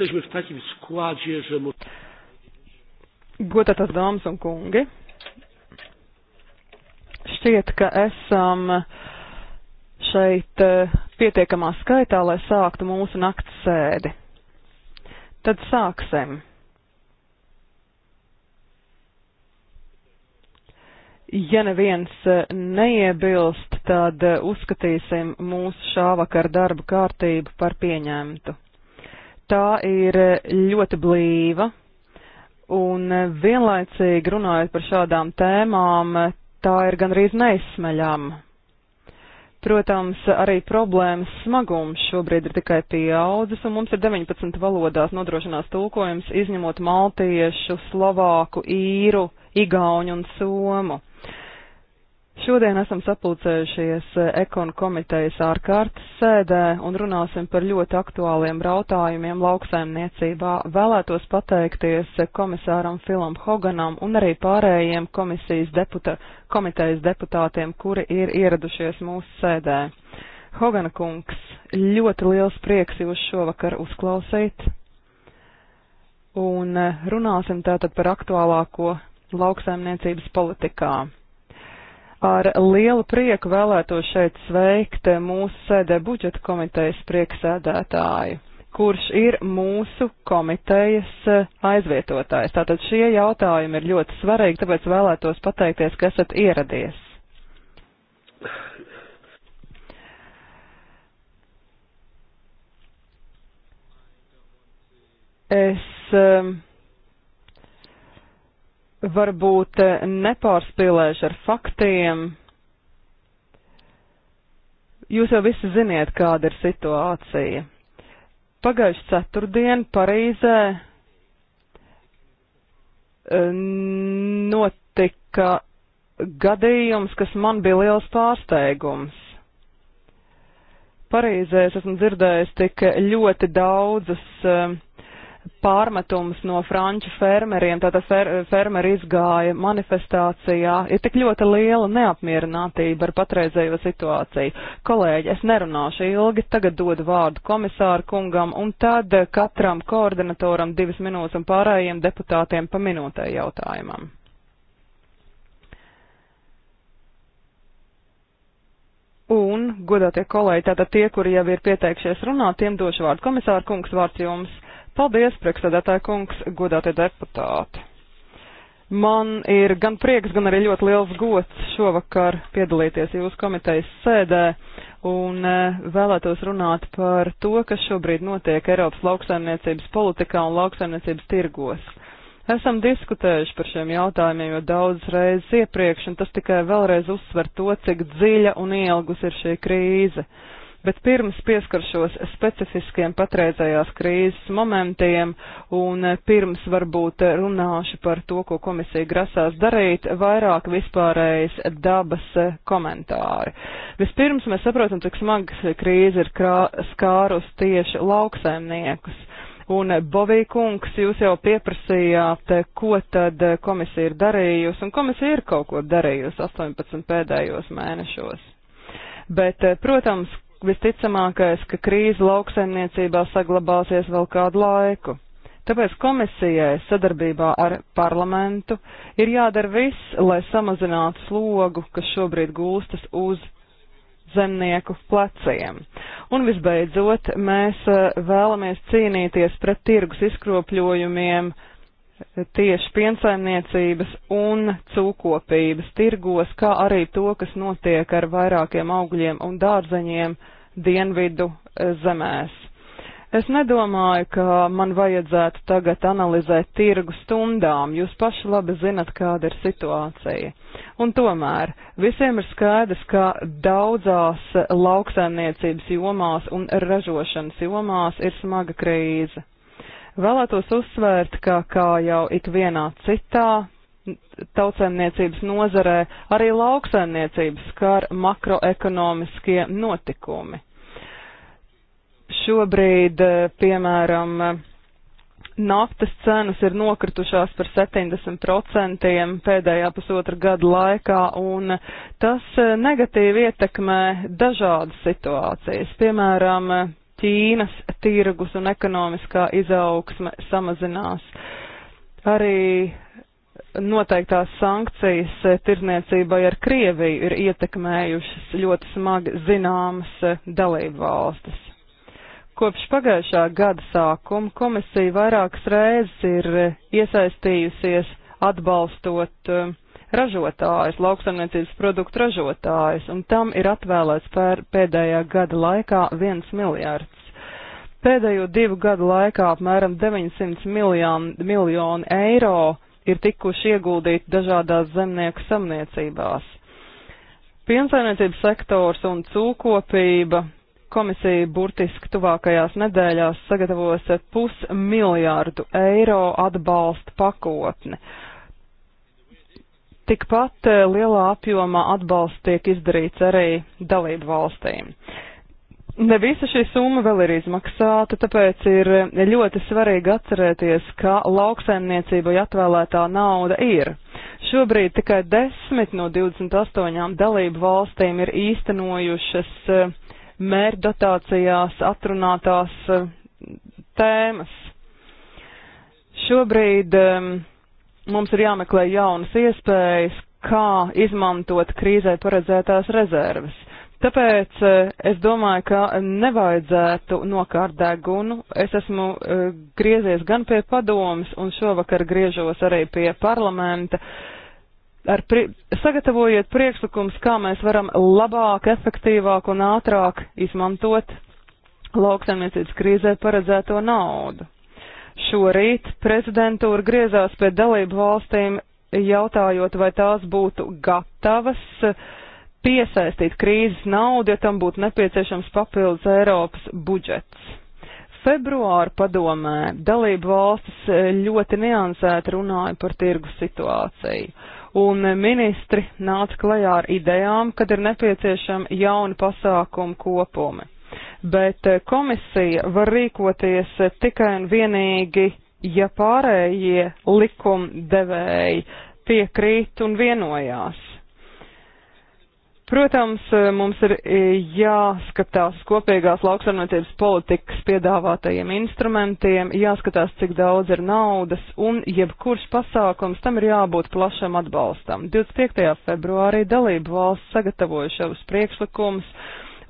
jesteśmy w takim składzie, że... Godātās dāmas un kungi, šķiet, ka esam šeit eh, pietiekamā skaitā, lai sāktu mūsu nakts sēdi. Tad sāksim. Ja neviens eh, neiebilst, tad eh, uzskatīsim mūsu šā vakar darba kārtību par pieņemtu. Tā ir ļoti blīva, un eh, vienlaicīgi runājot par šādām tēmām, tā ir gandrīz neizsmeļama. Protams, arī problēmas smagums šobrīd ir tikai pieaudzis, un mums ir 19 valodās nodrošinās tulkojums, izņemot maltiešu, slovāku, īru, igauņu un somu. Šodien esam sapulcējušies eh, ekonu komitejas ārkārtas sēdē un runāsim par ļoti aktuāliem rautājumiem lauksaimniecībā. Vēlētos pateikties eh, komisāram Filam Hoganam un arī pārējiem komisijas deputa, komitejas deputātiem, kuri ir ieradušies mūsu sēdē. Hogana kungs, ļoti liels prieks jūs šovakar uzklausīt. Un eh, runāsim tātad par aktuālāko lauksaimniecības politikā. Ar lielu prieku vēlētos šeit sveikt mūsu sēdē budžeta komitejas prieksēdētāju kurš ir mūsu komitejas eh, aizvietotājs. Tātad šie jautājumi ir ļoti svarīgi, tāpēc vēlētos pateikties, ka esat ieradies. Es um, varbūt eh, nepārspīlēšu ar faktiem. Jūs jau visi ziniet, kāda ir situācija. Pagājuši ceturtdien Parīzē eh, notika gadījums, kas man bija liels pārsteigums. Parīzē es esmu dzirdējis tik ļoti daudzas uh, eh, pārmetums no franču fermeriem, tātad fer, fermeri izgāja manifestācijā, ir tik ļoti liela neapmierinātība ar patreizējo situāciju. Kolēģi, es nerunāšu ilgi, tagad dodu vārdu komisāru kungam un tad katram koordinatoram divas minūtes un pārējiem deputātiem pa minūtē jautājumam. Un, godātie kolēģi, tātad tie, kuri jau ir pieteikšies runāt, tiem došu vārdu komisāru kungs, vārds jums. Paldies, priekšsēdētāja kungs, godātie deputāti! Man ir gan prieks, gan arī ļoti liels gods šovakar piedalīties jūsu komitejas sēdē un e, vēlētos runāt par to, kas šobrīd notiek Eiropas lauksaimniecības politikā un lauksaimniecības tirgos. Esam diskutējuši par šiem jautājumiem jau daudz reizes iepriekš, un tas tikai vēlreiz uzsver to, cik dziļa un ielgus ir šī krīze. Bet pirms pieskaršos specifiskiem patreizējās krīzes momentiem un pirms varbūt runāšu par to, ko komisija grasās darīt, vairāk vispārējais dabas komentāri. Vispirms mēs saprotam, cik smagas krīze ir skārus tieši lauksaimniekus. Un Bovī kungs, jūs jau pieprasījāt, ko tad komisija ir darījusi, un komisija ir kaut ko darījusi 18 pēdējos mēnešos. Bet, protams, visticamākais, ka krīze lauksaimniecībā saglabāsies vēl kādu laiku. Tāpēc komisijai sadarbībā ar parlamentu ir jādara viss, lai samazinātu slogu, kas šobrīd gulstas uz zemnieku pleciem. Un visbeidzot, mēs eh, vēlamies cīnīties pret tirgus izkropļojumiem eh, tieši piensaimniecības un cūkopības tirgos, kā arī to, kas notiek ar vairākiem augļiem un dārzeņiem dienvidu e, zemēs. Es nedomāju, ka man vajadzētu tagad analizēt tirgu stundām, jūs paši labi zinat, kāda ir situācija. Un tomēr visiem ir skaidrs, ka daudzās lauksaimniecības jomās un ražošanas jomās ir smaga krīze. Vēlētos uzsvērt, ka kā jau ikvienā citā tautsēmniecības nozarē, arī lauksēmniecības skar makroekonomiskie notikumi. Šobrīd, eh, piemēram, naftas cenas ir nokritušās par 70% pēdējā pusotra gada laikā, un tas eh, negatīvi ietekmē dažādas situācijas. Piemēram, Ķīnas tirgus un ekonomiskā izaugsme samazinās. Arī noteiktās sankcijas eh, tirzniecībai ar Krieviju ir ietekmējušas ļoti smagi zināmas eh, dalību valstis. Kopš pagājušā gada sākuma komisija vairākas reizes ir eh, iesaistījusies atbalstot ražotājus, lauksaimniecības produktu ražotājus, un tam ir atvēlēts pēdējā gada laikā viens miljards. Pēdējo divu gadu laikā apmēram 900 miljonu, miljonu eiro ir tikuši ieguldīti dažādās zemnieku samniecībās. Piensaimniecības sektors un cūkopība komisija burtiski tuvākajās nedēļās sagatavos pusmiljārdu eiro atbalsta pakotni. Tikpat lielā apjomā atbalsts tiek izdarīts arī dalību valstīm. Uh, Ne visa šī summa vēl ir izmaksāta, tāpēc ir ļoti svarīgi atcerēties, ka lauksaimniecībai atvēlētā nauda ir. Šobrīd tikai 10 no 28 dalību valstīm ir īstenojušas eh, mērdotācijās atrunātās eh, tēmas. Šobrīd eh, mums ir jāmeklē jaunas iespējas, kā izmantot krīzē paredzētās rezerves Tāpēc e, es domāju, ka nevajadzētu nokārt degunu. Es esmu e, griezies gan pie padomas un šovakar griežos arī pie parlamenta. Ar pri sagatavojiet priekšlikums, kā mēs varam labāk, efektīvāk un ātrāk izmantot lauksaimniecības krīzē paredzēto naudu. Šorīt prezidentūra griezās pie dalību valstīm jautājot, vai tās būtu gatavas uh, piesaistīt krīzes naudu, ja tam būtu nepieciešams papildus Eiropas budžets. Februāra padomē dalību valstis eh, ļoti niansēti runāja par tirgus situāciju, un eh, ministri nāca klajā ar idejām, kad ir nepieciešama jauna pasākuma kopumi. Bet eh, komisija var rīkoties tikai un vienīgi, ja pārējie likumdevēji piekrīt un vienojās Protams, eh, mums ir eh, jāskatās kopīgās lauksaimniecības politikas piedāvātajiem instrumentiem, jāskatās, cik daudz ir naudas, un jebkurš pasākums tam ir jābūt plašam atbalstam. 25. februārī dalību valsts sagatavoja šos priekšlikumus,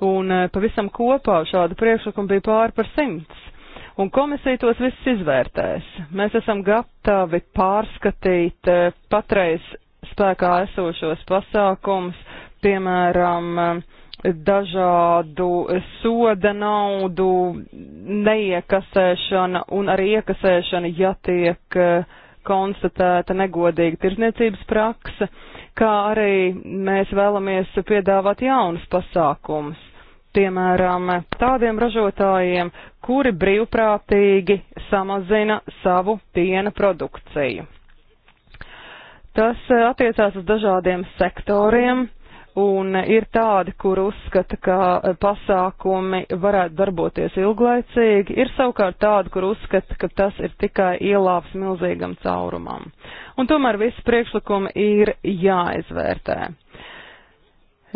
un eh, pavisam kopā šādu priekšlikumu bija pāri par simts. Un komisija tos visus izvērtēs. Mēs esam gatavi pārskatīt patreiz spēkā esošos pasākumus, piemēram, dažādu soda naudu neiekasēšana un arī iekasēšana, ja tiek eh, konstatēta negodīga tirzniecības prakse, kā arī mēs vēlamies piedāvāt jaunus pasākumus. Piemēram, tādiem ražotājiem, kuri brīvprātīgi samazina savu piena produkciju. Tas eh, attiecās uz dažādiem sektoriem. Mm un ir tādi, kur uzskata, ka pasākumi varētu darboties ilglaicīgi, ir savukārt tādi, kur uzskata, ka tas ir tikai ielāps milzīgam caurumam. Un tomēr visi priekšlikumi ir jāizvērtē.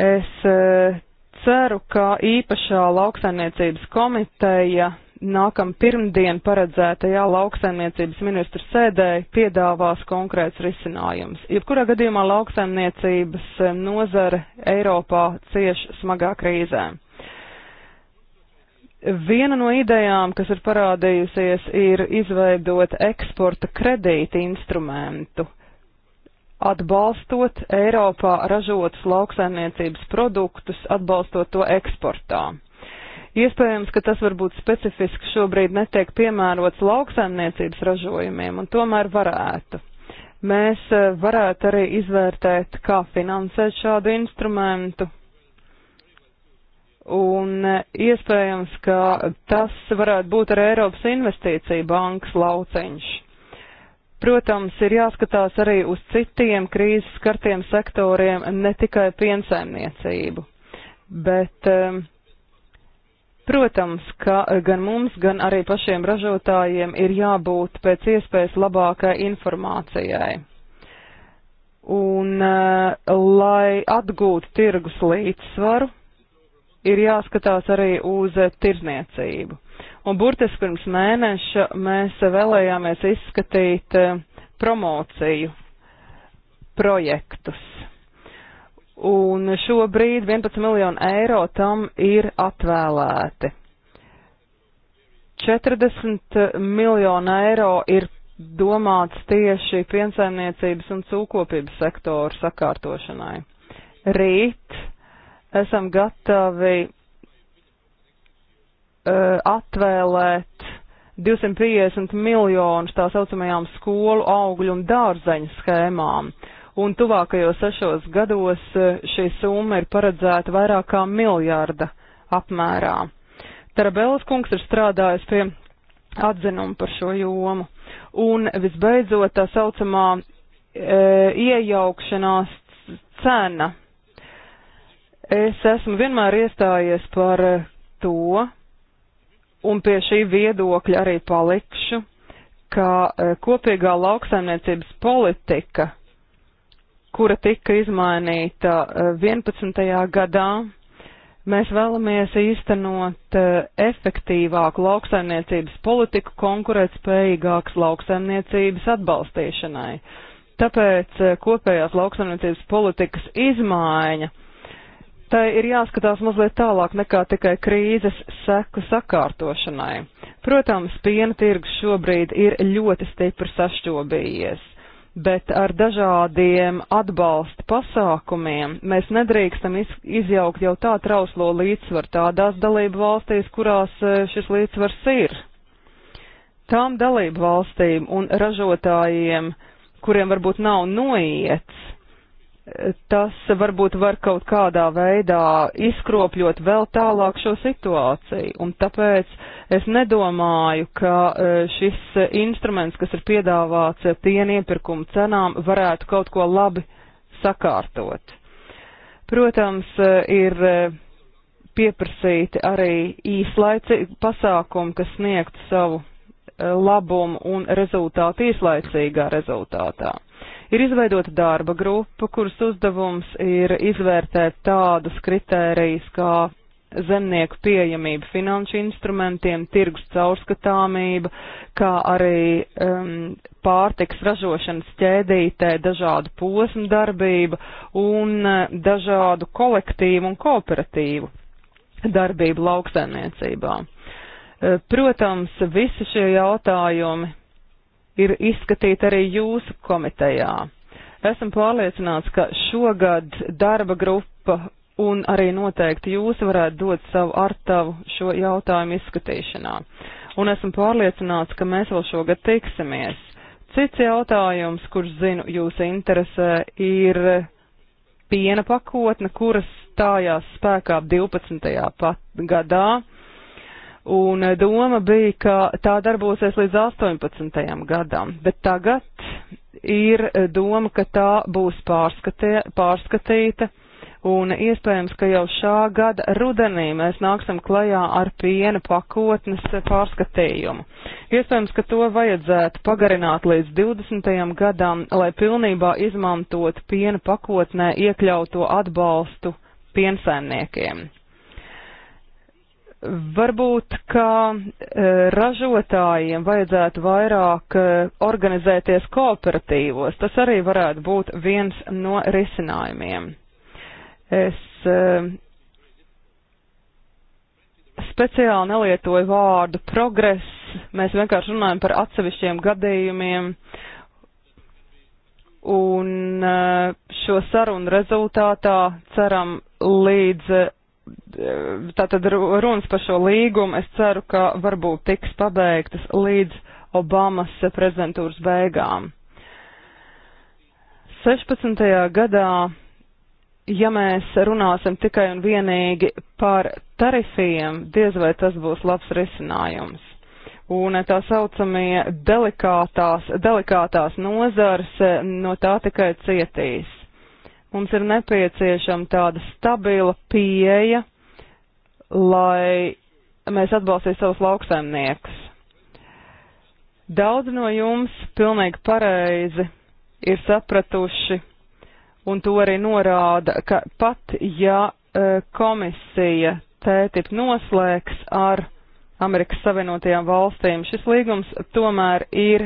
Es eh, ceru, ka īpašā lauksainiecības komiteja nākam pirmdien paredzētajā lauksaimniecības ministru sēdē piedāvās konkrēts risinājums. Jebkurā gadījumā lauksaimniecības eh, nozare Eiropā cieš smagā krīzē. Viena no idejām, kas ir parādījusies, ir izveidot eksporta kredīti instrumentu, atbalstot Eiropā ražotus lauksaimniecības produktus, atbalstot to eksportā. Iespējams, ka tas varbūt specifiski šobrīd netiek piemērots lauksaimniecības ražojumiem, un tomēr varētu. Mēs e, varētu arī izvērtēt, kā finansēt šādu instrumentu. Un e, iespējams, ka tas varētu būt arī Eiropas investīcija bankas lauceņš. Protams, ir jāskatās arī uz citiem krīzes skartiem sektoriem, ne tikai piensaimniecību. Bet um, Protams, ka gan mums, gan arī pašiem ražotājiem ir jābūt pēc iespējas labākai informācijai. Un, eh, lai atgūtu tirgus līdzsvaru, ir jāskatās arī uz eh, tirzniecību. Un burtiski pirms mēneša mēs vēlējāmies izskatīt eh, promociju projektus un šobrīd 11 miljonu eiro tam ir atvēlēti. 40 miljonu eiro ir domāts tieši piensaimniecības un cūkopības sektoru sakārtošanai. Rīt esam gatavi uh, atvēlēt 250 miljonus tā saucamajām skolu augļu un dārzeņu schēmām. Uh, un tuvākajos sešos gados eh, šī summa ir paredzēta vairāk kā miljārda apmērā. Tarabēlas kungs ir strādājis pie atzinumu par šo jomu. Un visbeidzot tā saucamā e, iejaukšanās cena. Es esmu vienmēr iestājies par eh, to, un pie šī viedokļa arī palikšu, ka e, kopīgā lauksaimniecības politika kura tika izmainīta 11. Eh, gadā. Mēs vēlamies īstenot eh, efektīvāku lauksaimniecības politiku konkurētspējīgākas lauksaimniecības atbalstīšanai. Tāpēc eh, kopējās lauksaimniecības politikas izmaiņa, tai ir jāskatās mazliet tālāk nekā tikai krīzes seku sakārtošanai. Protams, piena tirgus šobrīd ir ļoti stipri sašķobījies bet ar dažādiem atbalsta pasākumiem mēs nedrīkstam iz, izjaukt jau tā trauslo līdzsvaru tādās dalību valstīs, kurās e, šis līdzsvars ir. Tām dalību valstīm un ražotājiem, kuriem varbūt nav noiets, e, tas varbūt var kaut kādā veidā izkropļot vēl tālāk šo situāciju, un tāpēc uh, Es nedomāju, ka e, šis instruments, kas ir piedāvāts piena iepirkuma cenām, varētu kaut ko labi sakārtot. Protams, e, ir e, pieprasīti arī īslaicīgi pasākumi, kas sniegt savu labumu un rezultātu īslaicīgā rezultātā. Ir izveidota darba grupa, kuras uzdevums ir izvērtēt tādus kritērijus kā zemnieku pieejamība finanšu instrumentiem, tirgus caurskatāmība, kā arī um, pārtiks ražošanas ķēdītē dažādu posmu darbība un uh, dažādu kolektīvu un kooperatīvu darbību lauksaimniecībā. Uh, protams, visi šie jautājumi ir izskatīti arī jūsu komitejā. Esam pārliecināts, ka šogad darba grupa un arī noteikti jūs varētu dot savu artavu šo jautājumu izskatīšanā. Un esmu pārliecināts, ka mēs vēl šogad tiksimies. Cits jautājums, kurš zinu jūs interesē, ir piena pakotne, kuras stājās spēkā 12. gadā. Un doma bija, ka tā darbosies līdz 18. gadam, bet tagad ir doma, ka tā būs pārskatē, pārskatīta un iespējams, ka jau šā gada rudenī mēs nāksim klajā ar piena pakotnes pārskatījumu. Iespējams, ka to vajadzētu pagarināt līdz 20. gadam, lai pilnībā izmantot piena pakotnē iekļauto atbalstu piensaimniekiem. Varbūt, ka e, ražotājiem vajadzētu vairāk e, organizēties kooperatīvos. Tas arī varētu būt viens no risinājumiem. Es eh, speciāli nelietoju vārdu progress, mēs vienkārši runājam par atsevišķiem gadījumiem. Un eh, šo sarunu rezultātā ceram līdz eh, tātad runas par šo līgumu, es ceru, ka varbūt tiks pabeigtas līdz Obamas prezidentūras beigām. 16. gadā ja mēs runāsim tikai un vienīgi par tarifiem, diez vai tas būs labs risinājums. Un tā saucamie delikātās, delikātās nozars eh, no tā tikai cietīs. Mums ir nepieciešama tāda stabila pieeja, lai mēs atbalstītu savus lauksaimniekus. Daudz no jums pilnīgi pareizi ir sapratuši un to arī norāda, ka pat ja e, komisija tētip noslēgs ar Amerikas Savienotajām valstīm, šis līgums tomēr ir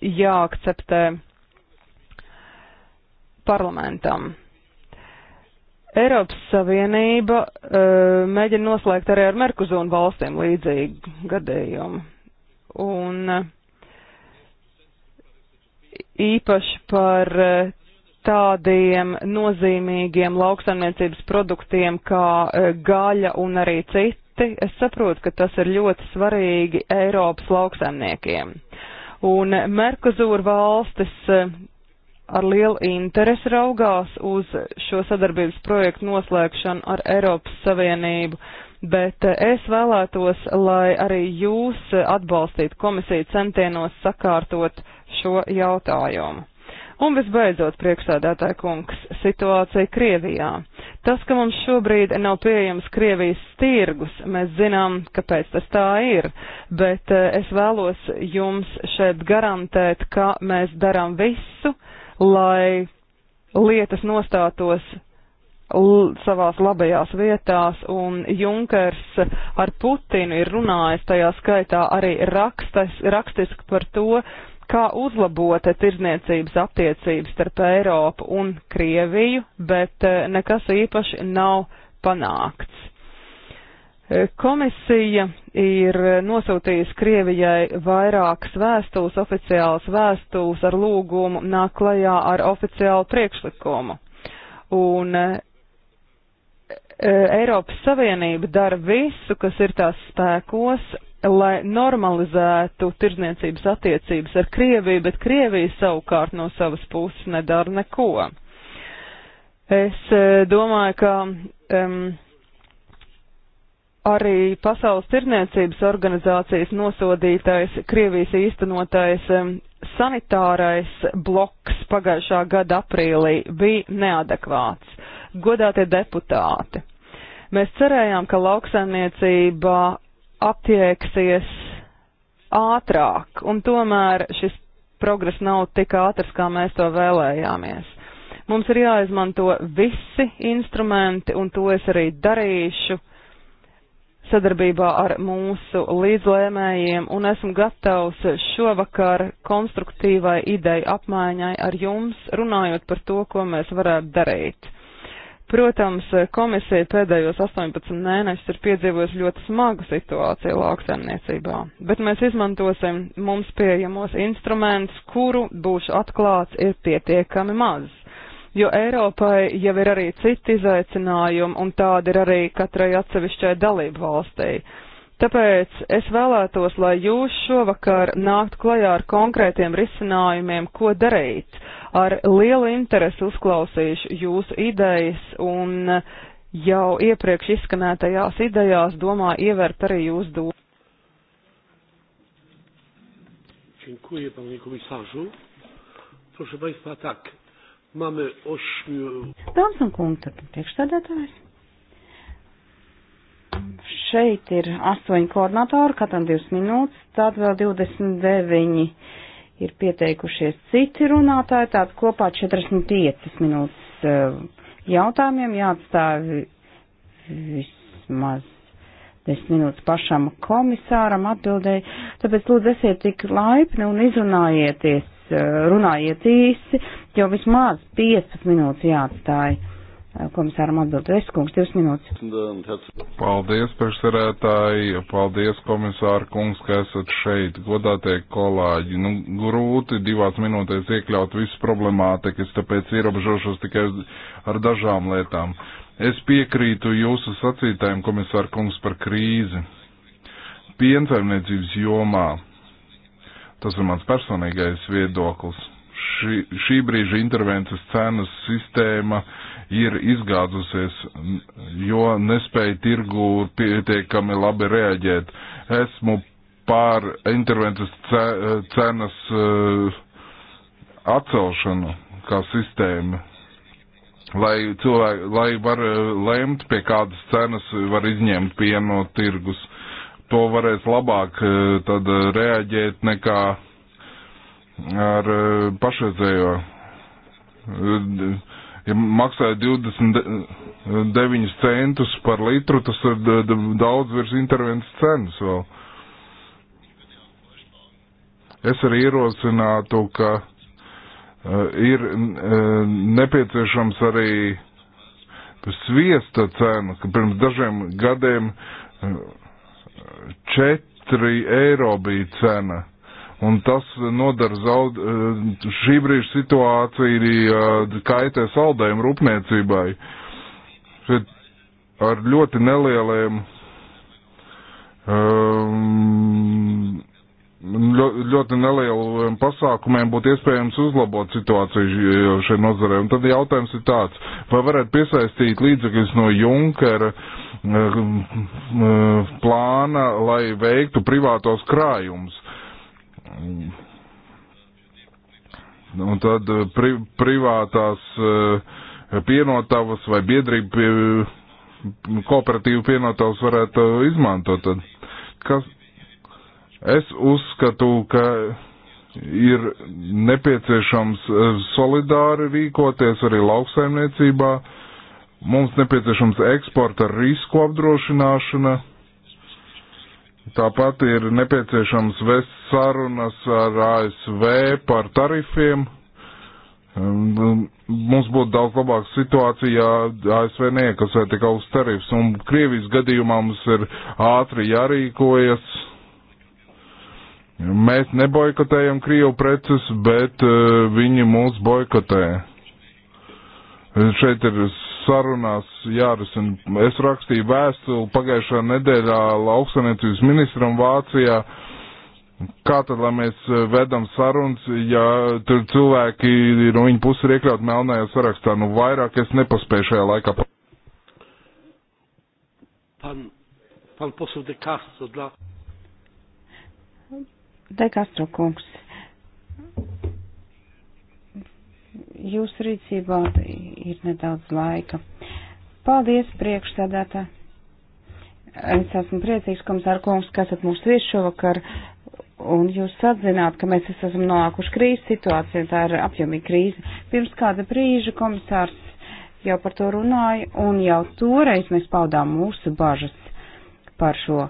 jāakceptē parlamentam. Eiropas Savienība uh, mēģina noslēgt arī ar Merkuzonu valstīm līdzīgu gadījumu. Un uh, īpaši par uh, tādiem nozīmīgiem lauksaimniecības produktiem kā e, gaļa un arī citi. Es saprotu, ka tas ir ļoti svarīgi Eiropas lauksaimniekiem. Un Merkuzūra valstis e, ar lielu interesi raugās uz šo sadarbības projektu noslēgšanu ar Eiropas Savienību, bet e, es vēlētos, lai arī jūs atbalstītu komisiju centienos sakārtot šo jautājumu. Un visbeidzot, priekšsēdētāja kungs, situācija Krievijā. Tas, ka mums šobrīd nav pieejams Krievijas tirgus, mēs zinām, kāpēc tas tā ir, bet eh, es vēlos jums šeit garantēt, ka mēs darām visu, lai lietas nostātos savās labajās vietās, un Junkers ar Putinu ir runājis tajā skaitā arī rakstas, rakstiski par to, kā uzlabot tirzniecības attiecības starp Eiropu un Krieviju, bet eh, nekas īpaši nav panākts. Eh, komisija ir nosūtījusi Krievijai vairākas vēstules, oficiālas vēstules ar lūgumu nāk klajā ar oficiālu priekšlikumu. Un eh, Eiropas Savienība dara visu, kas ir tās spēkos, lai normalizētu tirzniecības attiecības ar Krieviju, bet Krievija savukārt no savas puses nedara neko. Es e, domāju, ka um, arī Pasaules tirzniecības organizācijas nosodītais Krievijas īstenotais um, sanitārais bloks pagājušā gada aprīlī bija neadekvāts. Godātie deputāti! Mēs cerējām, ka lauksaimniecība attieksies ātrāk, un tomēr šis progress nav tik ātrs, kā mēs to vēlējāmies. Mums ir jāizmanto visi instrumenti, un to es arī darīšu sadarbībā ar mūsu līdzlēmējiem, un esmu gatavs šovakar konstruktīvai ideju apmaiņai ar jums, runājot par to, ko mēs varētu darīt. Protams, komisija pēdējos 18 mēnešus ir piedzīvojusi ļoti smagu situāciju lauksaimniecībā, bet mēs izmantosim mums pieejamos instrumentus, kuru, būšu atklāts, ir pietiekami maz. Jo Eiropai jau ir arī citi izaicinājumi, un tādi ir arī katrai atsevišķai dalību valstī. Tāpēc es vēlētos, lai jūs šovakar nākt klajā ar konkrētiem risinājumiem, ko darīt Ar lielu interesi uzklausīšu jūsu idejas un jau iepriekš izskanētajās idejās domāju ievērt arī jūsu domu. Dziękuję panie komisarzu. Proszę państwa, tak. Mamy ośmiu. Dāmas un kungi, priekšstādātājs. Šeit ir astoņi koordinatori, katram divas minūtes, tad vēl 29 ir pieteikušies citi runātāji, tātad kopā 45 minūtes eh, jautājumiem jāatstāj vismaz 10 minūtes pašam komisāram atbildēji, tāpēc lūdzu esiet tik laipni un izrunājieties, eh, runājiet īsi, jo vismaz 15 minūtes jāatstāj komisāram atbildēt. Veskungs, divas minūtes. Paldies, priekšsarētāji, paldies, komisāra kungs, ka esat šeit, godātie kolāģi. Nu, grūti divās minūtēs iekļaut visu problemātikas, tāpēc ierobežošos tikai ar dažām lietām. Es piekrītu jūsu sacītājiem, komisāra kungs, par krīzi. Piensaimniecības jomā, tas ir mans personīgais viedoklis, šī, šī brīža intervences cenas sistēma ir izgāzusies, jo nespēja tirgu pietiekami labi reaģēt. Esmu pār intervences cenas e, atcelšanu kā sistēmu lai cilvēki, lai var e, lemt, pie kādas cenas var izņemt pienu no tirgus. To varēs labāk e, tad reaģēt nekā ar pašreizējo ja maksāja 29 centus par litru, tas ir eh, daudz virs intervences cenas vēl. Es arī ierosinātu, ka uh, ir uh, nepieciešams arī sviesta cena, ka pirms dažiem gadiem uh, 4 eiro bija cena. Uh, Un tas nodara zaud, eh, šī brīža situācija eh, kaitē saldējumu rūpniecībai. Šeit ar ļoti nelieliem, ehm, ļoti nelieliem pasākumiem būtu iespējams uzlabot situāciju šai nozarē. Un tad jautājums ir tāds, vai varētu piesaistīt līdzekļus no Junkera ehm, ehm, plāna, lai veiktu privātos krājumus. Un tad eh, pri, privātās eh, pienotavas vai biedrība pie, kooperatīva pienotavas varētu izmantot. Tad. Kas, es uzskatu, ka ir nepieciešams eh, solidāri rīkoties arī lauksaimniecībā. Mums nepieciešams eksporta risku apdrošināšana Tāpat ir nepieciešams vest sarunas ar ASV par tarifiem. Ehm, mums būtu daudz labāka situācija, ja ASV neiekasē tik augsts tarifs. Un Krievijas gadījumā mums ir ātri jārīkojas. Mēs neboikotējam Krievu preces, bet eh, viņi mūs boikotē. Šeit ir sarunās jārisina. Es rakstīju vēstuli pagājušā nedēļā lauksaimniecības ministram Vācijā. Kā tad, lai mēs eh, vedam sarunas, ja tur cilvēki no viņa puses ir iekļaut melnajā sarakstā? Nu, vairāk es nepaspēju šajā laikā. Pan, pan posūd de Castro, dla... De Castro kungs jūsu rīcībā ir nedaudz laika. Paldies, priekšsēdētā. Es esmu priecīgs, komisāra kungs, ka esat mūsu viesi šovakar, un jūs atzināt, ka mēs esam nonākuši krīzes situācijā, tā ir apjomīga krīze. Pirms kāda brīža komisārs jau par to runāja, un jau toreiz mēs paudām mūsu bažas par šo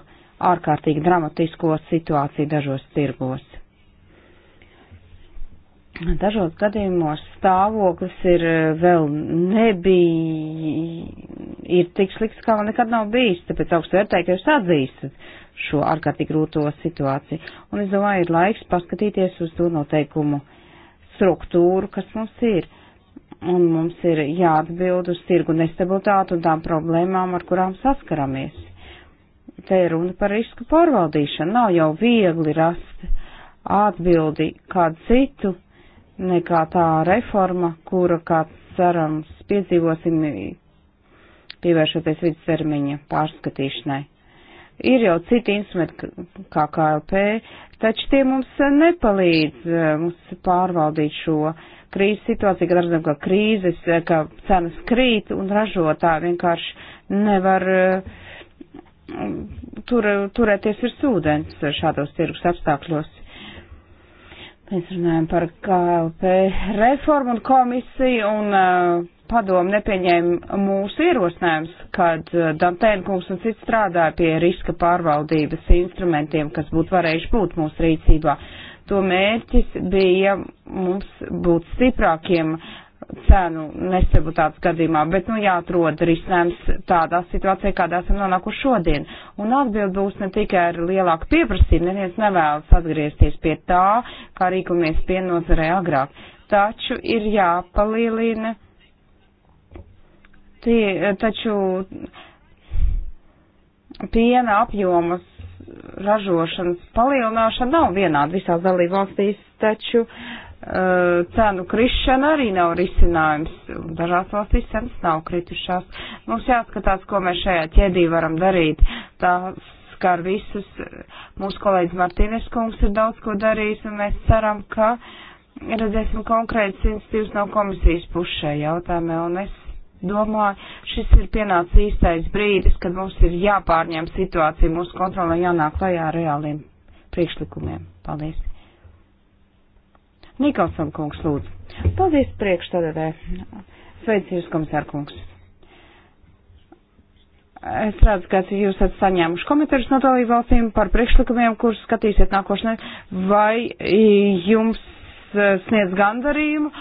ārkārtīgi dramatisko situāciju dažos tirgos. Dažos gadījumos stāvoklis ir e, vēl nebija, ir tik slikts, kā nekad nav bijis, tāpēc augstu vērtēju, ka jūs atzīstat šo ārkārtīgi grūto situāciju. Un es domāju, ir laiks paskatīties uz to noteikumu struktūru, kas mums ir. Un mums ir jāatbild uz tirgu nestabilitātu un tām problēmām, ar kurām saskaramies. Te ir runa par risku pārvaldīšanu. Nav jau viegli rast atbildi kādu citu nekā tā reforma, kura, kā cerams, piedzīvosim, pievēršoties vidustermiņa pārskatīšanai. Ir jau citi instrumenti, kā KLP, taču tie mums nepalīdz eh, mums pārvaldīt šo krīzes situāciju, kad redzam, ka krīzes, eh, ka cenas krīt un ražotāji vienkārši nevar eh, tur, turēties virs ūdens šādos tirgus apstākļos Mēs runājam par KLP reformu un komisiju un uh, padomu nepieņēma mūsu ierosinājums, kad uh, Dantēnkungs un cits strādāja pie riska pārvaldības instrumentiem, kas būtu varējuši būt mūsu rīcībā. To mērķis bija mums būt stiprākiem uh, cenu nestabilitātes gadījumā, bet, nu, jāatrod risinājums tādā situācijā, kādā esam nonākuši šodien. Un atbild būs ne tikai ar lielāku pieprasījumu, neviens nevēlas atgriezties pie tā, kā rīkojamies piennozarē agrāk. Taču ir jāpalielina, tie, taču piena apjomas ražošanas palielināšana nav vienāda visās dalībvalstīs, taču uh, Eh, cenu krišana arī nav risinājums. Dažās valstīs cenas nav kritušās. Mums jāskatās, ko mēs šajā ķēdī varam darīt. Tā skar visus. Mūsu kolēģis Martīnes kungs ir daudz ko darījis, un mēs ceram, ka redzēsim konkrētas institīvas no komisijas pušē jautājumā. Un es domāju, šis ir pienācis īstais brīdis, kad mums ir jāpārņem situācija, mūsu kontrolē jānāk klajā ar reāliem priekšlikumiem. Paldies! Nikolson kungs, lūdzu. Paldies priekšstādātē. Sveic jūs, komisār kungs. Es redzu, ka jūs esat saņēmuši komentārus no dalību valstīm par priekšlikumiem, kurus skatīsiet nākošanai. Vai jums e, sniedz gandarījumu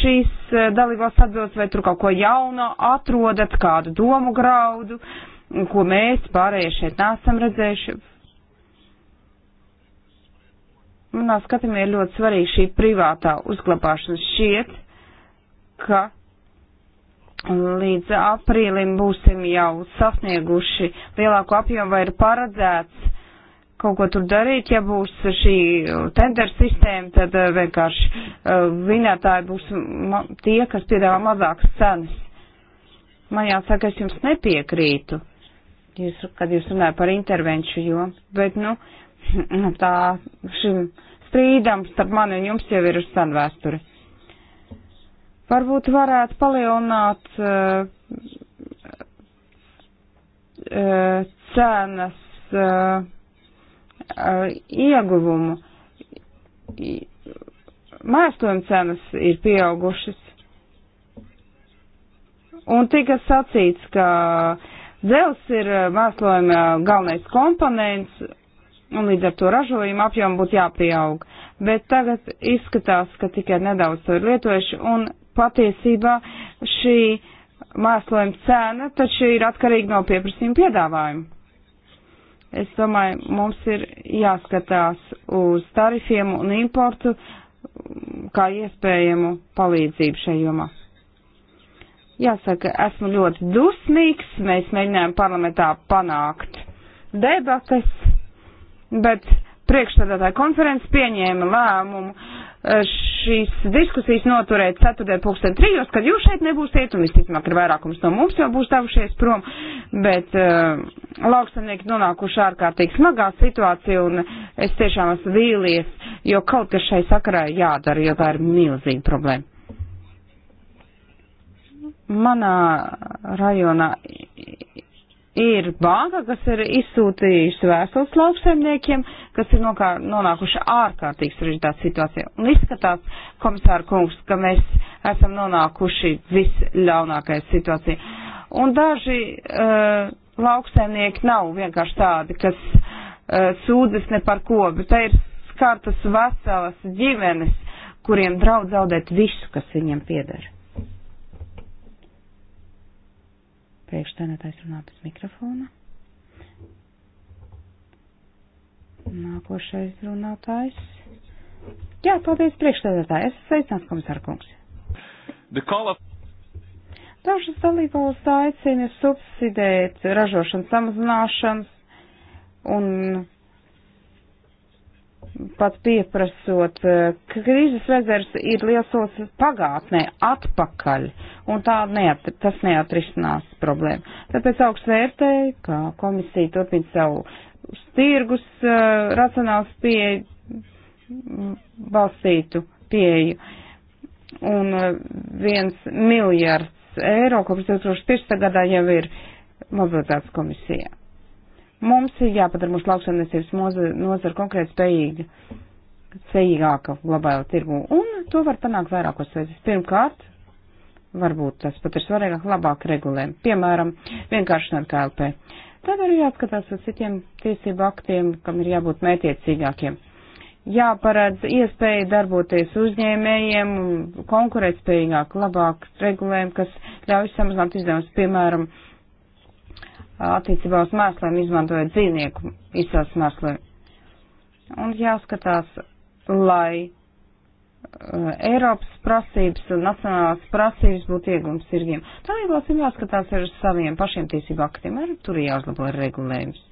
šīs e, dalībvalsts atbildes, vai tur kaut ko jaunu atrodat, kādu domu graudu, ko mēs pārējie šeit nesam redzējuši? manā skatījumā ir ļoti svarīga šī privātā uzglabāšana. Šķiet, ka līdz aprīlim būsim jau sasnieguši lielāku apjomu vai ir paredzēts kaut ko tur darīt. Ja būs šī tender sistēma, tad eh, vienkārši eh, vinētāji būs tie, kas piedāvā mazākas cenas. Man jāsaka, es jums nepiekrītu, jūs, kad jūs runājat par intervenciju, jo, bet, nu, tā šim strīdam starp mani un jums jau ir uz senvēsturi. Varbūt varētu palielināt uh, uh, cenas uh, uh, ieguvumu. Mēslojuma cenas ir pieaugušas. Un tika sacīts, ka dzels ir mēslojuma galvenais komponents un līdz ar to ražojuma apjomu būtu jāpieaug. Bet tagad izskatās, ka tikai nedaudz to ir lietojuši, un patiesībā šī mēslojuma cena taču ir atkarīga no pieprasījuma piedāvājuma. Es domāju, mums ir jāskatās uz tarifiem un importu kā iespējamu palīdzību šai jomā. Jāsaka, esmu ļoti dusmīgs, mēs mēģinājām parlamentā panākt debates bet priekšstādātāja konferences pieņēma lēmumu eh, šīs diskusijas noturēt ceturtdien pulksten trijos, kad jūs šeit nebūsiet, un visticamāk ir vairākums no mums jau būs devušies prom, bet uh, eh, lauksamnieki nonākuši ārkārtīgi smagā situācija, un es tiešām esmu vīlies, jo kaut kas šai sakarā jādara, jo tā ir milzīga problēma. Manā rajonā ir banka, kas ir izsūtījusi vēstules lauksaimniekiem, kas ir nokār, nonākuši ārkārtīgi sarežģītā situācijā. Un izskatās, komisāra kungs, ka mēs esam nonākuši visļaunākajā situācijā. Un daži uh, lauksaimnieki nav vienkārši tādi, kas uh, sūdzas ne par ko, bet te ir skartas veselas ģimenes, kuriem draudz zaudēt visu, kas viņiem piedara. Priekšstādātājs runā pēc mikrofona. Nākošais runātājs. Jā, paldies priekšstādātāji. Es sveicināts komisāra kungs. Of... Dažas dalībvalsts aicina subsidēt ražošanas samazināšanas un pat pieprasot e, krīzes rezerves, ir liels solis pagātnē, atpakaļ, un tā neat, tas neatrisinās problēmu. Tāpēc augsts vērtēju, ka komisija turpina savu tirgus uh, racionāls pieeju, balstītu pieeju, un uh, viens miljards eiro kopš 2005. gadā jau ir mobilizēts komisijā. Mums ir jāpadara mūsu lauksaimniecības nozara konkrēti spējīga, spējīgāka globāla tirgu, un to var panākt vairākos veidus. Pirmkārt, varbūt tas pat ir svarīgāk, labāk regulēm, piemēram, vienkāršināt KLP. Tad arī jāskatās uz citiem tiesību aktiem, kam ir jābūt mētiecīgākiem jāparedz iespēja darboties uzņēmējiem, konkurētspējīgāk, labāk regulējumu, kas ļauj samazināt izdevumus, piemēram, attiecībā uz mēsliem izmantojot dzīvnieku izcelsmes mēsliem. Un jāskatās, lai uh, Eiropas prasības un nacionālās prasības būtu iegums tirgiem. Tā ir valsts jāskatās ar saviem pašiem tiesību aktiem, arī tur jāuzlabo regulējums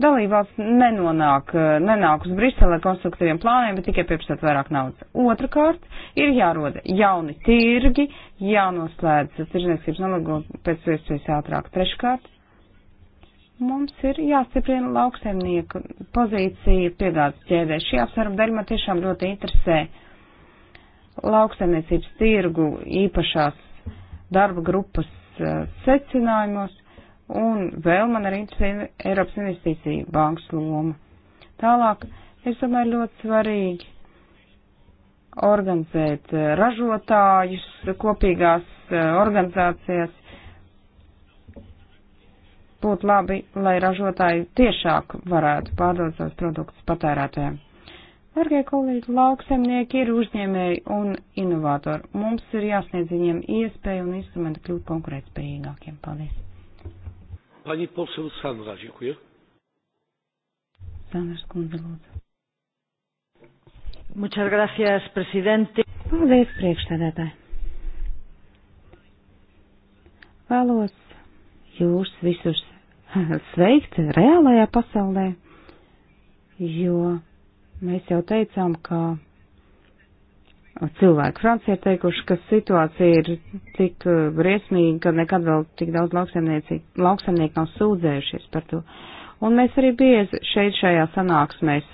dalībvalsts nenonāk, eh, nenāk uz Brisele ar konstruktīviem plāniem, bet tikai piepsat vairāk naudas. Otrakārt, ir jāroda jauni tirgi, jānoslēdz tirzniecības nolīgums pēc iespējas ātrāk. Treškārt, mums ir jāstiprina lauksaimnieku pozīcija piegādes ķēdē. Šī apsvēruma daļa man tiešām ļoti interesē. Lauksaimniecības tirgu īpašās darba grupas eh, secinājumos Un vēl man arī interesē Eiropas investīcija bankas loma. Tālāk, es domāju, ļoti svarīgi organizēt eh, ražotājus kopīgās eh, organizācijās. Būtu labi, lai ražotāji tiešāk varētu pārdot savus produktus patērētājiem. Dargie kolēģi, lauksemnieki ir uzņēmēji un inovatori. Mums ir jāsniedz viņiem iespēju un instrumenti kļūt konkurētspējīgākiem. Paldies! Pani poseł Sandra, dziękuję. Sandra, kundze, lūdzu. Muchas gracias, presidente. Paldies, priekšstādātāji. Vēlos jūs visus sveikt reālajā pasaulē, jo mēs jau teicām, ka cilvēki. Francija ir teikuši, ka situācija ir tik uh, briesmīga, ka nekad vēl tik daudz lauksaimnieku nav sūdzējušies par to. Un mēs arī bieži šeit šajā sanāksmēs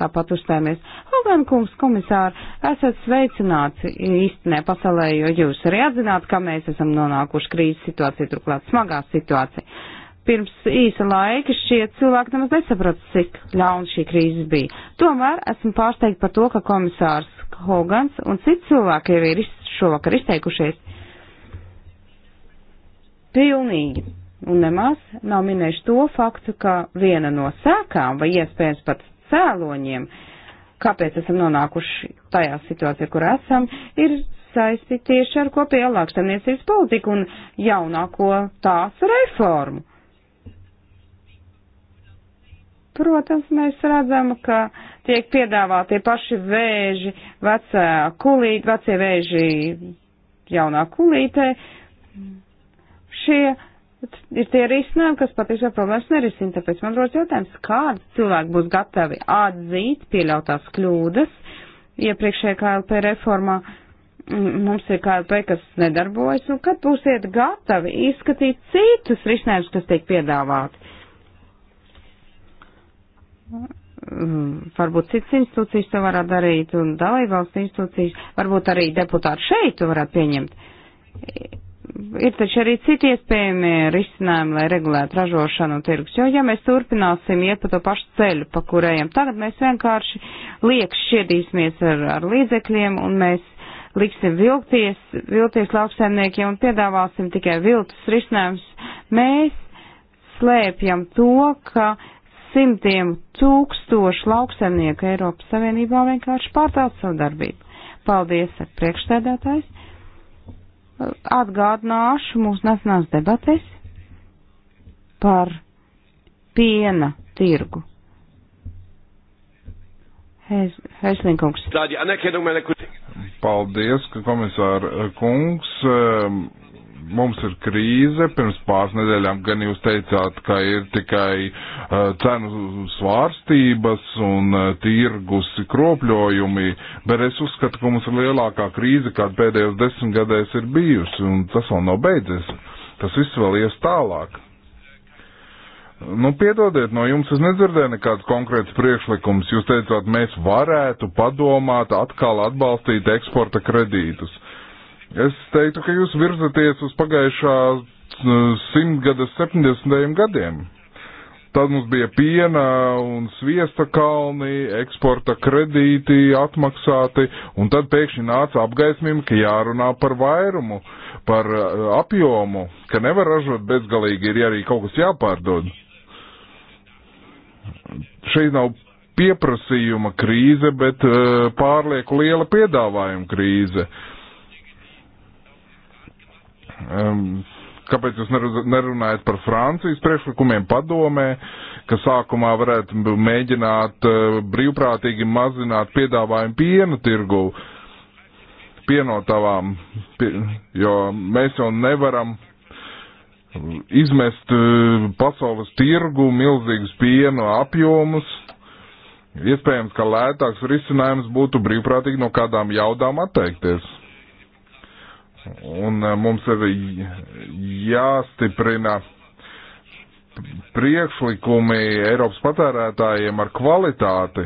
tāpat uzstājāmies. Hogan kungs, komisāri, esat sveicināti īstenē pasaulē, jo jūs arī atzināt, ka mēs esam nonākuši krīzes situācija, turklāt smagā situācija. Pirms īsa laika šie cilvēki nemaz nesaprata, cik ļauna šī krīzes bija. Tomēr esmu pārsteigta par to, ka komisārs Hogans un citi cilvēki jau ir šovakar izteikušies. Pilnīgi un nemaz nav minējuši to faktu, ka viena no sēkām vai iespējams pat cēloņiem, kāpēc esam nonākuši tajā situācijā, kur esam, ir saistīti tieši ar kopējo lauksaimniecības politiku un jaunāko tās reformu. Protams, mēs redzam, ka tiek piedāvāti paši vēži, vecā kulīt, vecie vēži jaunā kulītē. Šie ir tie risinājumi, kas patiesībā problēmas nerisina. Tāpēc man rodas jautājums, kādi cilvēki būs gatavi atzīt pieļautās kļūdas iepriekšējā KLP reformā. Mums ir KLP, kas nedarbojas, un kad būsiet gatavi izskatīt citus risinājumus, kas tiek piedāvāti varbūt citas institūcijas to varētu darīt un dalībvalsts institūcijas, varbūt arī deputāti šeit to varētu pieņemt. Ir taču arī citi iespējami risinājumi, lai regulētu ražošanu un tirgus, jo ja mēs turpināsim iet pa to pašu ceļu, pa kurējiem tagad mēs vienkārši liek šķiedīsimies ar, ar līdzekļiem un mēs liksim vilties, vilties lauksaimniekiem un piedāvāsim tikai viltus risinājumus. Mēs slēpjam to, ka simtiem tūkstošu lauksaimnieku Eiropas Savienībā vienkārši pārtauc savu darbību. Paldies, saka priekšstādātājs. Atgādināšu mūsu nesenās debates par piena tirgu. Heslinkungs. Paldies, ka komisāra kungs. Um, mums ir krīze, pirms pāris nedēļām gan jūs teicāt, ka ir tikai uh, cenu svārstības un uh, tirgus kropļojumi, bet es uzskatu, ka mums ir lielākā krīze, kāda pēdējos desmitgadēs ir bijusi, un tas vēl nav beidzies. Tas viss vēl ies tālāk. Nu, piedodiet, no jums es nedzirdēju nekāds konkrēts priekšlikums. Jūs teicāt, mēs varētu padomāt atkal atbalstīt eksporta kredītus. Es teiktu, ka jūs virzaties uz pagājušā uh, simtgada 70. gadiem. Tad mums bija piena un sviesta kalni, eksporta kredīti atmaksāti, un tad pēkšņi nāca apgaismība, ka jārunā par vairumu, par uh, apjomu, ka nevar ražot bezgalīgi, ir arī kaut kas jāpārdod. Šeit nav pieprasījuma krīze, bet uh, pārlieku liela piedāvājuma krīze. Uh, Kāpēc jūs nerunājat par Francijas priekšlikumiem padomē, ka sākumā varētu mēģināt e, brīvprātīgi mazināt piedāvājumu piena tirgu pienotavām, jo mēs jau nevaram izmest e, pasaules tirgu milzīgus pienu apjomus. Iespējams, ka lētāks risinājums būtu brīvprātīgi no kādām jaudām atteikties. Un eh, mums ir jāstiprina priekšlikumi Eiropas patērētājiem ar kvalitāti.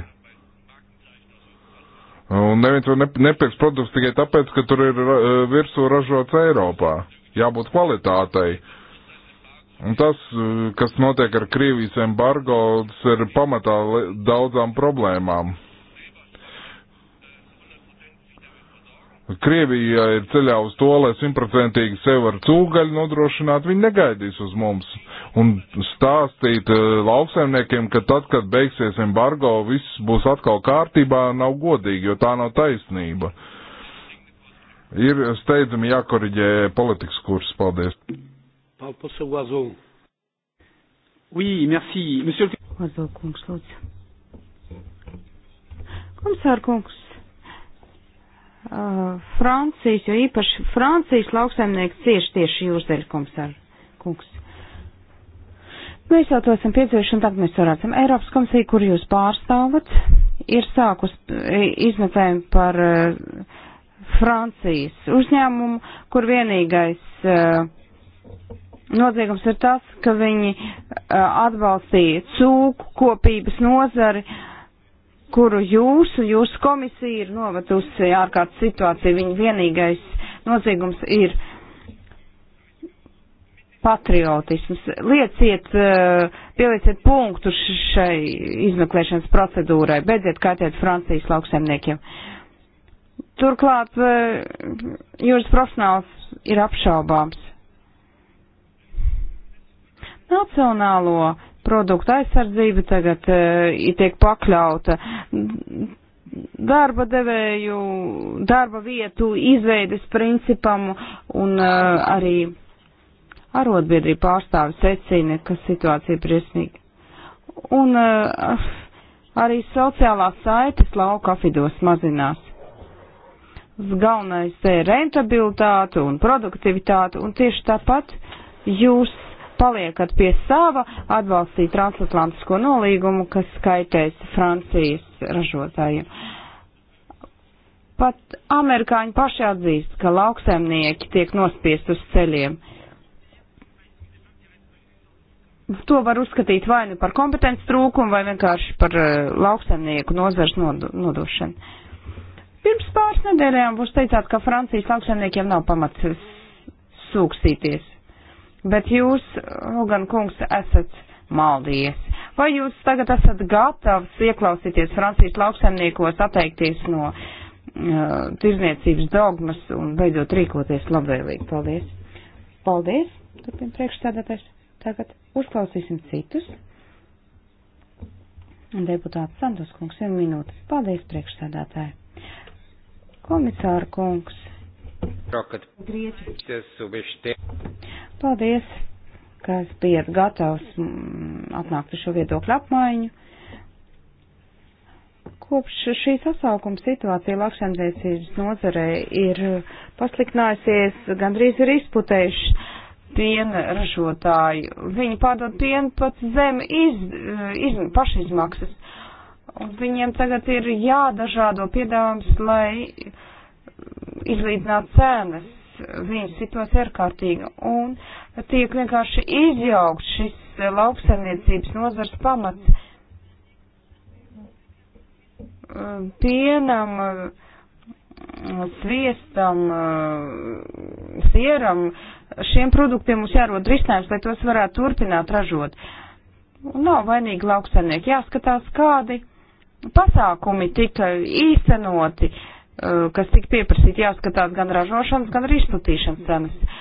Un neviens jau nepirks produktus tikai tāpēc, ka tur ir eh, virsū ražots Eiropā. Jābūt kvalitātei. Un tas, eh, kas notiek ar Krievijas embargo, tas ir pamatā daudzām problēmām. Krievija ir ceļā uz to, lai simtprocentīgi sev ar cūgaļu nodrošinātu, viņi negaidīs uz mums. Un stāstīt eh, lauksaimniekiem, ka tad, kad beigsies embargo, viss būs atkal kārtībā, nav godīgi, jo tā nav taisnība. Ir steidzami jākoriģē politikas kurs. Paldies. Komisār kungs, uh, Francijas, jo īpaši Francijas lauksaimnieks cieši tieši jūs dēļ, komisār kungs. Mēs jau to esam piedzīvojuši, un tagad mēs to redzam. Eiropas komisija, kur jūs pārstāvat, ir sākus e, izmetējumu par uh, Francijas uzņēmumu, kur vienīgais uh, noziegums ir tas, ka viņi uh, atbalstīja cūku kopības nozari. Uh, kuru jūsu, jūsu komisija ir novetusi ārkārtas situāciju. Viņa vienīgais noziegums ir patriotisms. Lieciet, eh, pielieciet punktu šai izmeklēšanas procedūrai, beidziet kaitēt Francijas lauksaimniekiem. Turklāt eh, jūras profesionāls ir apšaubāms. Nacionālo produktu aizsardzība tagad eh, tiek pakļauta darba devēju, darba vietu izveides principam un eh, arī arotbiedrība pārstāvis secina, ka situācija briesmīga. Un uh, arī sociālās saites lauka afidos mazinās. Galvenais te ir rentabilitāte un produktivitāte, un tieši tāpat jūs paliekat pie sava, atbalstīt transatlantisko nolīgumu, kas skaitēs Francijas ražotājiem. Pat amerikāņi paši atzīst, ka lauksaimnieki tiek nospiest uz ceļiem. To var uzskatīt vai nu par kompetences trūkumu, vai vienkārši par uh, lauksaimnieku nozars nodo nodošanu. Pirms pāris nedēļām būs teicāt, ka Francijas lauksaimniekiem nav pamats sūkstīties bet jūs, Hogan kungs, esat maldies. Vai jūs tagad esat gatavs ieklausīties Francijas lauksaimniekos, atteikties no uh, tirzniecības dogmas un beidzot rīkoties labvēlīgi? Paldies! Paldies! Turpin priekšstādātais. Tagad uzklausīsim citus. Deputāts Santos kungs, viena minūte. Paldies, priekšstādātāji! Komisāra kungs. Grieķis. Paldies, ka bijat gatavs mm, atnākt uz šo viedokļu apmaiņu. Kopš šī sasaukuma situācija lauksaimniecības nozarē ir pasliktinājusies, gandrīz ir izputējuši piena ražotāji. Viņi pārdod pienu pat zem iz, iz, pašizmaksas. Un viņiem tagad ir jādažādo piedāvājums, lai izlīdzinātu cenas vietas situācija ārkārtīga un tiek vienkārši izjaukt šis eh, lauksaimniecības nozars pamats eh, pienam, eh, sviestam, sieram. Šiem produktiem mums jārod risinājums, lai tos varētu turpināt ražot. Nav vainīgi lauksaimnieki. Jāskatās, kādi pasākumi tika īstenoti. Uh, Eh, kas tika pieprasīti, jāskatās gan ražošanas, gan arī izplatīšanas cenas.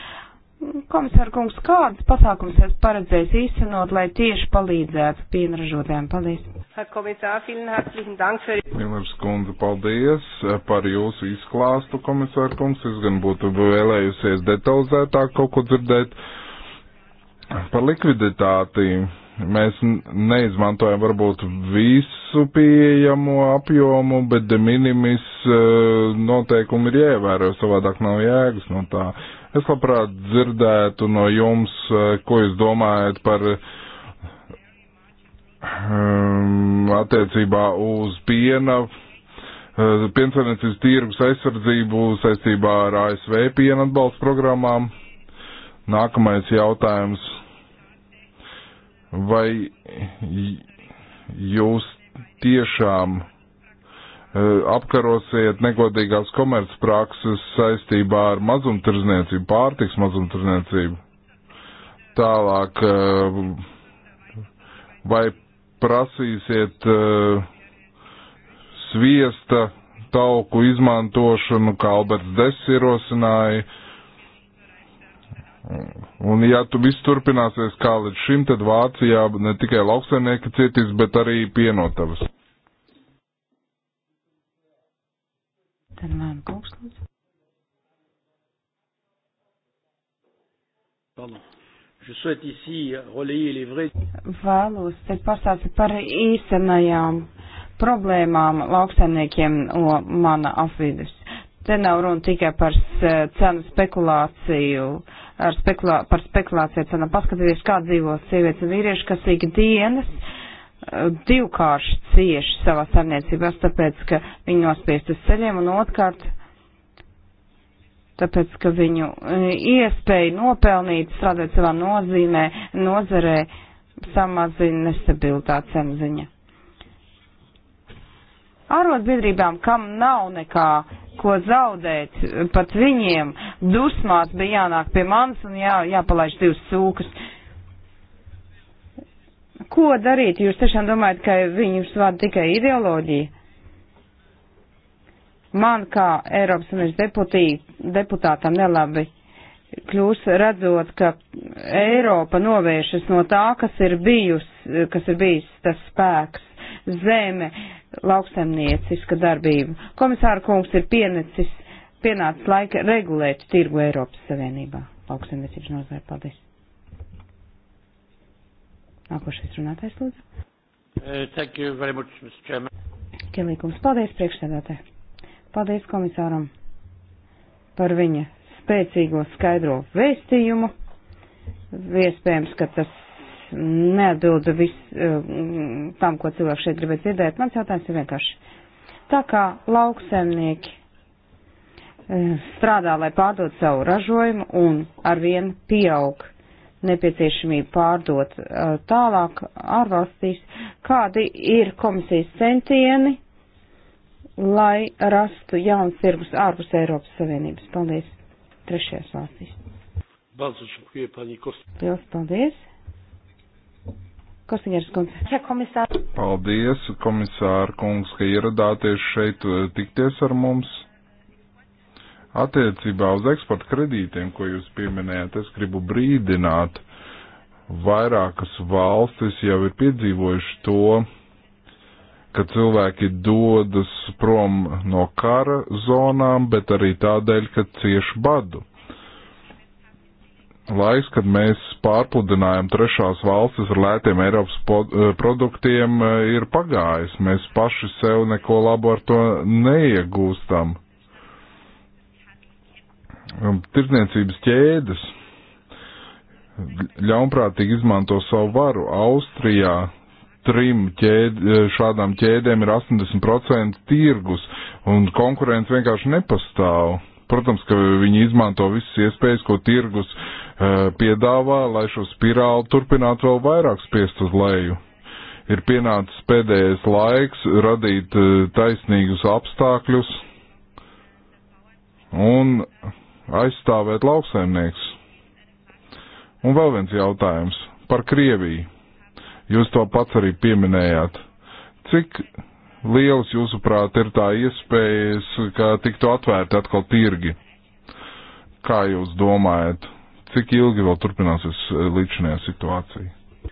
Komisāra kungs, kādas pasākums es paredzēju īstenot, lai tieši palīdzētu pienražotājiem? Paldies! Milības kundze, paldies eh, par jūsu izklāstu, komisāra kungs. Es gan būtu vēlējusies detalizētāk kaut ko dzirdēt par likviditāti Mēs neizmantojam varbūt visu pieejamo apjomu, bet de minimis e, noteikumi ir jāievēro, savādāk nav jēgas no tā. Es labprāt dzirdētu no jums, e, ko jūs domājat par um, attiecībā uz piena e, piensaimniecības tirgus aizsardzību saistībā ar ASV piena atbalsta programmām. Nākamais jautājums Vai jūs tiešām e, apkarosiet negodīgās komercprakses saistībā ar mazumtirdzniecību, pārtiks mazumtirdzniecību. Tālāk, e, vai prasīsiet e, sviesta tauku izmantošanu, kā Alberts Des ierosināja, Un ja tu viss turpināsies kā līdz šim, tad Vācijā ne tikai lauksaimnieki cietīs, bet arī pienotavas. Vēlos te pastāstīt par īstenajām problēmām lauksaimniekiem no mana apvidus. Te nav runa tikai par cenu spekulāciju. Uh, spekulā, par spekulāciju cenām. Paskatieties, kā dzīvo sievietes un vīrieši, kas ik dienas e, divkārši cieši savā saimniecībās, tāpēc, ka viņi nospiest uz ceļiem un otrkārt, tāpēc, ka viņu e, iespēja nopelnīt, strādāt savā nozīmē, nozarē, samazina nestabilitāte zemziņa. Arotbiedrībām, kam nav nekā ko zaudēt. Pat viņiem dusmās bija jānāk pie manis un jā, jāpalaiž divas sūkas. Ko darīt? Jūs tiešām domājat, ka viņus vada tikai ideoloģija? Man kā Eiropas Savienības deputātam nelabi kļūs redzot, ka Eiropa novēršas no tā, kas ir bijis, kas ir bijis tas spēks, zeme, lauksemnieciska darbība. Komisāra kungs ir pienecis, pienācis laika regulēt tirgu Eiropas Savienībā. Lauksemniecības nozarē. Paldies. Nākošais runātājs, lūdzu. Uh, thank you very much, Mr. Chairman. Kelīkums, paldies priekšsēdētē. Paldies komisāram par viņa spēcīgo skaidro vēstījumu. Iespējams, ka tas neatbildu vis, eh, tam, ko cilvēki šeit gribētu dzirdēt. Mans jautājums ir vienkārši. Tā kā lauksemnieki eh, strādā, lai pārdod savu ražojumu un arvien pieaug nepieciešamību pārdot eh, tālāk ārvalstīs, kādi ir komisijas centieni, lai rastu jauns tirgus ārpus Eiropas Savienības. Paldies! Trešajās valstīs. Liels paldies! Kostiņers kungs. Paldies, komisāra kungs, ka ieradāties šeit uh, tikties ar mums. Attiecībā uz eksporta kredītiem, ko jūs pieminējāt, es gribu brīdināt, vairākas valstis jau ir piedzīvojuši to, ka cilvēki dodas prom no kara zonām, bet arī tādēļ, ka cieši badu laiks, kad mēs pārpludinājam trešās valstis ar lētiem Eiropas eh, produktiem, eh, ir pagājis. Mēs paši sev neko labu ar to neiegūstam. Um, Tirzniecības ķēdes ļaunprātīgi izmanto savu varu. Austrijā trim ķēd, eh, šādām ķēdēm ir 80% tirgus, un konkurence vienkārši nepastāv. Protams, ka viņi izmanto visas iespējas, ko tirgus uh, Eh, piedāvā, lai šo spirāli turpinātu vēl vairāk spiest uz leju. Ir pienācis pēdējais laiks radīt eh, taisnīgus apstākļus un aizstāvēt lauksaimnieks. Un vēl viens jautājums par Krieviju. Jūs to pats arī pieminējāt. Cik liels, jūsuprāt, ir tā iespējas, ka tiktu atvērti atkal tirgi? Kā jūs domājat? Cik ilgi vēl turpināsies e, līdzinājā situācija?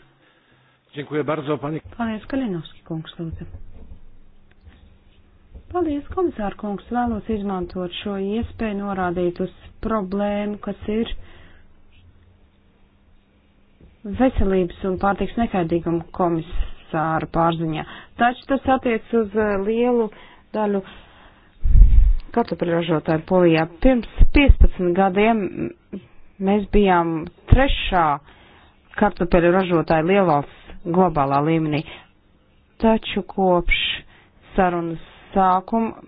Dziękuję bardzo, pani. Paldies, Kalinowski kungs, lūdzu. Paldies, komisār kungs, vēlos izmantot šo iespēju norādīt uz problēmu, kas ir veselības un pārtiks nekaidīguma komisāra pārziņā. Taču tas attiec uz e, lielu daļu kartupeļu ražotāju polijā. Pirms 15 gadiem Mēs bijām trešā kartupeļu ražotāja lielvalsts globālā līmenī, taču kopš sarunas sākuma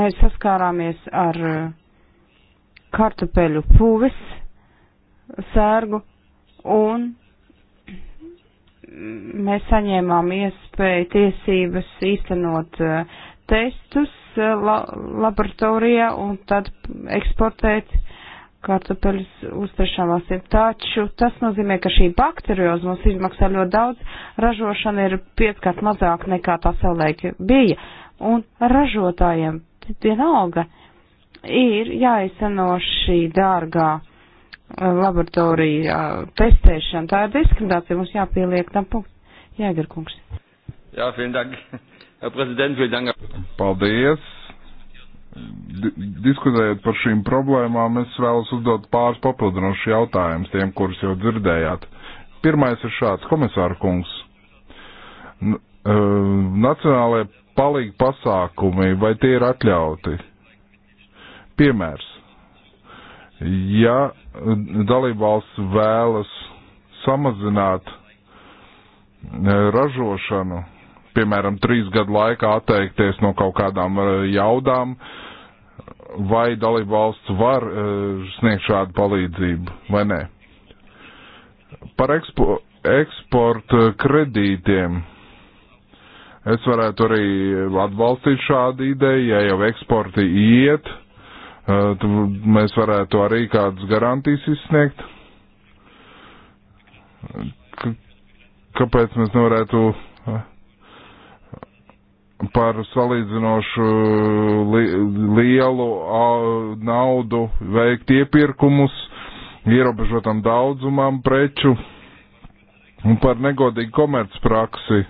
mēs saskārāmies ar uh, kartupeļu puves sērgu un mēs saņēmām iespēju tiesības īstenot uh, testus uh, la laboratorijā un tad eksportēt kartupeļus uzpēršanās ir. Taču tas nozīmē, ka šī bakterioza mums izmaksā ļoti daudz, ražošana ir pieckārt mazāk nekā tā savulaik bija, un ražotājiem vienalga ir jāizsano šī dārgā eh, laboratorija eh, testēšana. Tā ir diskriminācija, mums jāpieliek tam punkts. Jēgar kungs. Jā, vielen dank. Herr Präsident, vielen dank. Paldies diskutējot par šīm problēmām, es vēlos uzdot pāris papildinošus jautājumus tiem, kurus jau dzirdējāt. Pirmais ir šāds, komisāra kungs. E, nacionālajie palīgi pasākumi, vai tie ir atļauti? Piemērs. Ja dalībvalsts vēlas samazināt e, ražošanu piemēram, trīs gadu laikā atteikties no kaut kādām eh, jaudām, vai dalību valsts var eh, sniegt šādu palīdzību vai nē. Par ekspo, eksporta kredītiem. Es varētu arī atbalstīt šādu ideju, ja jau eksporti iet, eh, mēs varētu arī kādas garantijas izsniegt. Kāpēc mēs nevarētu par salīdzinošu li lielu naudu veikt iepirkumus ierobežotam daudzumam preču un par negodīgu komercpraksi.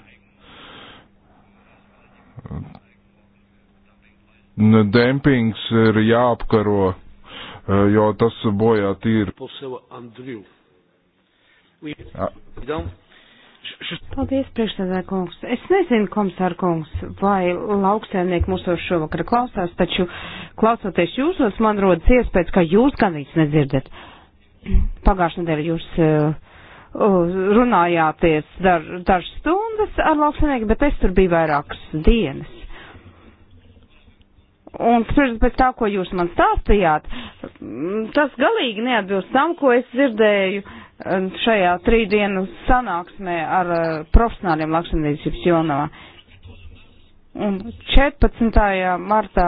Dempings ir jāapkaro, e, jo tas bojā tīri. Paldies, priekšsēdētāj kungs. Es nezinu, komisār kungs, vai lauksēmnieki mūsos šovakar klausās, taču klausoties jūsos, man rodas iespējas, ka jūs gan viņus nedzirdat. Pagājušajā nedēļā jūs uh, uh, runājāties dar, dažas stundas ar lauksēmnieku, bet es tur biju vairākas dienas. Un pēc tā, ko jūs man stāstījāt, Tas galīgi neatbilst tam, ko es dzirdēju um, šajā trīdienu sanāksmē ar uh, profesionāļiem lakšanniecības jomā. Un 14. martā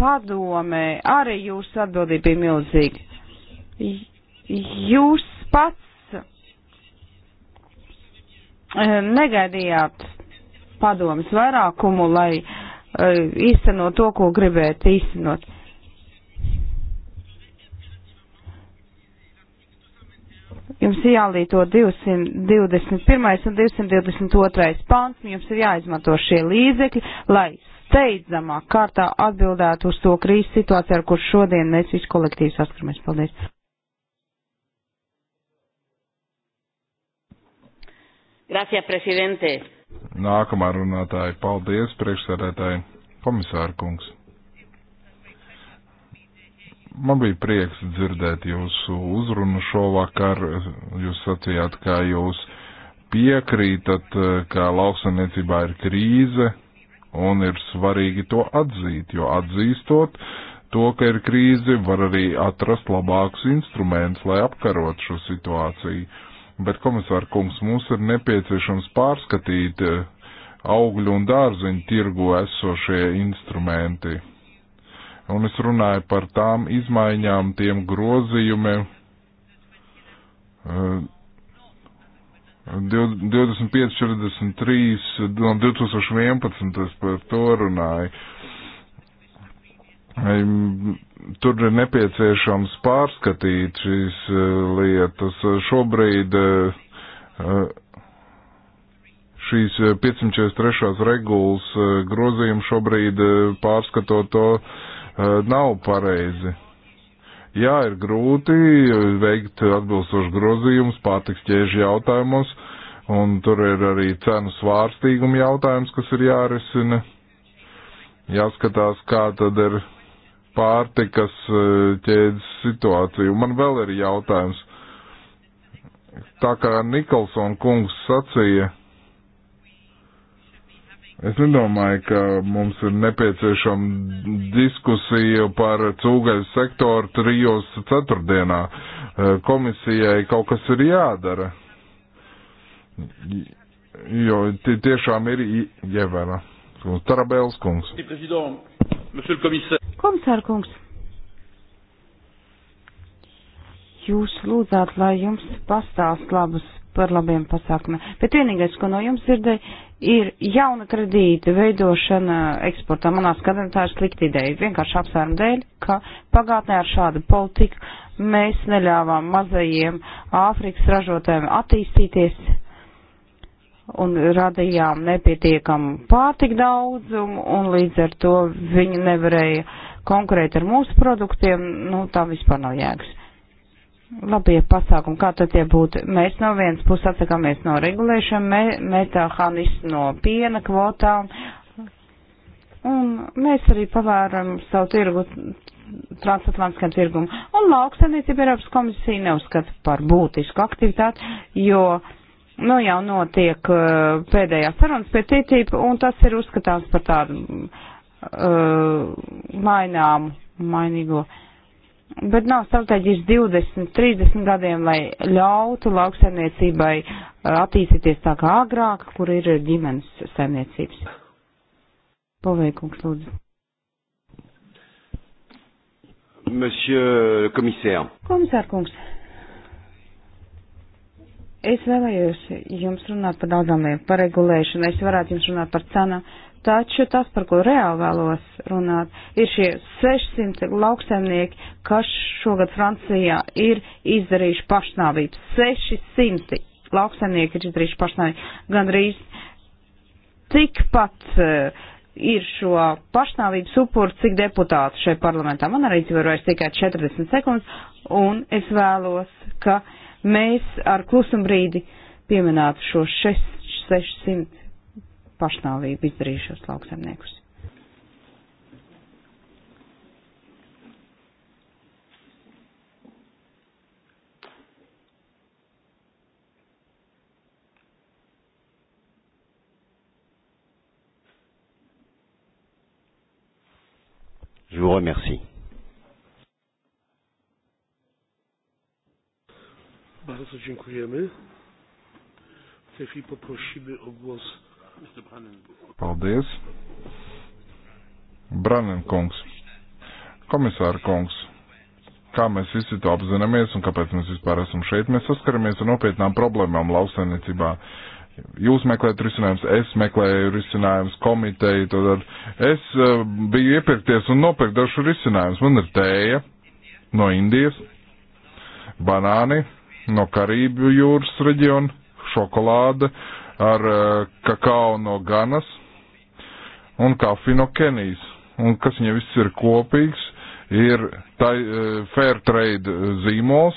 padomē arī jūsu atbildība bija milzīga. Jūs pats uh, negaidījāt padomas vairākumu, lai uh, Eh, īstenot to, ko gribētu īstenot. Jums ir jālīto 221. un 222. pants, jums ir jāizmanto šie līdzekļi, lai steidzamā kārtā atbildētu uz to krīzes situāciju, ar kur šodien mēs visi kolektīvi saskaramies. Paldies! Gracias, presidente. Nākamā runātāja. Paldies, priekšsēdētāji, komisāra kungs. Man bija prieks dzirdēt jūsu uzrunu šovakar. Jūs sacījāt, ka jūs piekrītat, ka lauksaimniecībā ir krīze un ir svarīgi to atzīt, jo atzīstot to, ka ir krīze, var arī atrast labākus instrumentus, lai apkarot šo situāciju. Bet, komisār kungs, mums ir nepieciešams pārskatīt eh, augļu un dārziņu tirgu esošie instrumenti. Un es runāju par tām izmaiņām, tiem grozījumiem. 25, eh, 43, no 2011 es par to runāju tur ir nepieciešams pārskatīt šīs eh, lietas. Šobrīd eh, eh, šīs 543. regulas grozījumi šobrīd pārskatot to nav pareizi. Jā, ir grūti veikt atbilstošu grozījumus pārtiks ķēžu jautājumos, un tur ir arī cenu svārstīguma jautājums, kas ir jārisina. Jāskatās, kā tad ir pārtikas e, ķēdes situāciju. Man vēl ir jautājums. Tā kā Nikolson kungs sacīja, es nedomāju, ka mums ir nepieciešama diskusija par cūgaļu sektoru trijos ceturtdienā. E, komisijai kaut kas ir jādara. Jo tiešām ir ievēra. Tarabēls kungs. Monsieur le commissaire. Komisārkungs, jūs lūdzāt, lai jums pastāst labus par labiem pasākumiem. Bet vienīgais, ko no jums dzirdēju, ir jauna kredīta veidošana eksportā. Manā skatījumā tā ir slikta ideja. Vienkārši apsvērumu dēļ, ka pagātnē ar šādu politiku mēs neļāvām mazajiem Āfrikas ražotājiem attīstīties un radījām nepietiekamu pārtika daudzumu un līdz ar to viņi nevarēja konkurēt ar mūsu produktiem, nu tā vispār nav jēgas. Labie pasākumi, kā tad tie būtu? Mēs no vienas puses atsakāmies no regulēšana, me, metāhanismu no piena kvotām, un mēs arī pavēram savu tirgu transatlantiskam tirgumam. Un lauksaimniecība Eiropas komisija neuzskata par būtisku aktivitāti, jo nu, jau notiek uh, eh, pēdējā sarunas pie TTIP, un tas ir uzskatāms par tādu Uh, mainām, mainīgo. Bet nav strateģijas 20, 30 gadiem, lai ļautu lauksaimniecībai uh, attīstīties tā kā agrāk, kur ir ģimenes saimniecības. Paveikums, lūdzu. Monsieur le commissaire. Komisār kungs, es vēlējos jums runāt par daudzām lietām, par regulēšanu, es varētu jums runāt par cenām Taču tas, par ko reāli vēlos runāt, ir šie 600 lauksaimnieki, kas šogad Francijā ir izdarījuši pašnāvību. 600 lauksaimnieki ir izdarījuši pašnāvību. Gan rīz tikpat uh, ir šo pašnāvību supuru, cik deputātu šeit parlamentā. Man arī dzīvo vairs tikai 40 sekundes, un es vēlos, ka mēs ar klusumbrīdi pieminētu šo 600 pašnāvību izdarījušos lauksaimniekus. Je vous remercie. Bardzo dziękujemy. W tej chwili poprosimy o głos Paldies. Brannen kungs, komisāra kungs, kā mēs visi to apzināmies un kāpēc mēs vispār esam šeit, mēs saskaramies ar nopietnām problēmām lauksaimniecībā. Jūs meklējat risinājumus, es meklēju risinājumus, komiteja, tad es eh, biju iepirkties un nopirkt dažu risinājumus. Man ir tēja no Indijas, banāni no Karību jūras reģiona, šokolāde, uh, ar eh, kakao no Ganas un kafiju no Kenijas. Un kas viņiem viss ir kopīgs, ir tai, eh, fair trade zīmols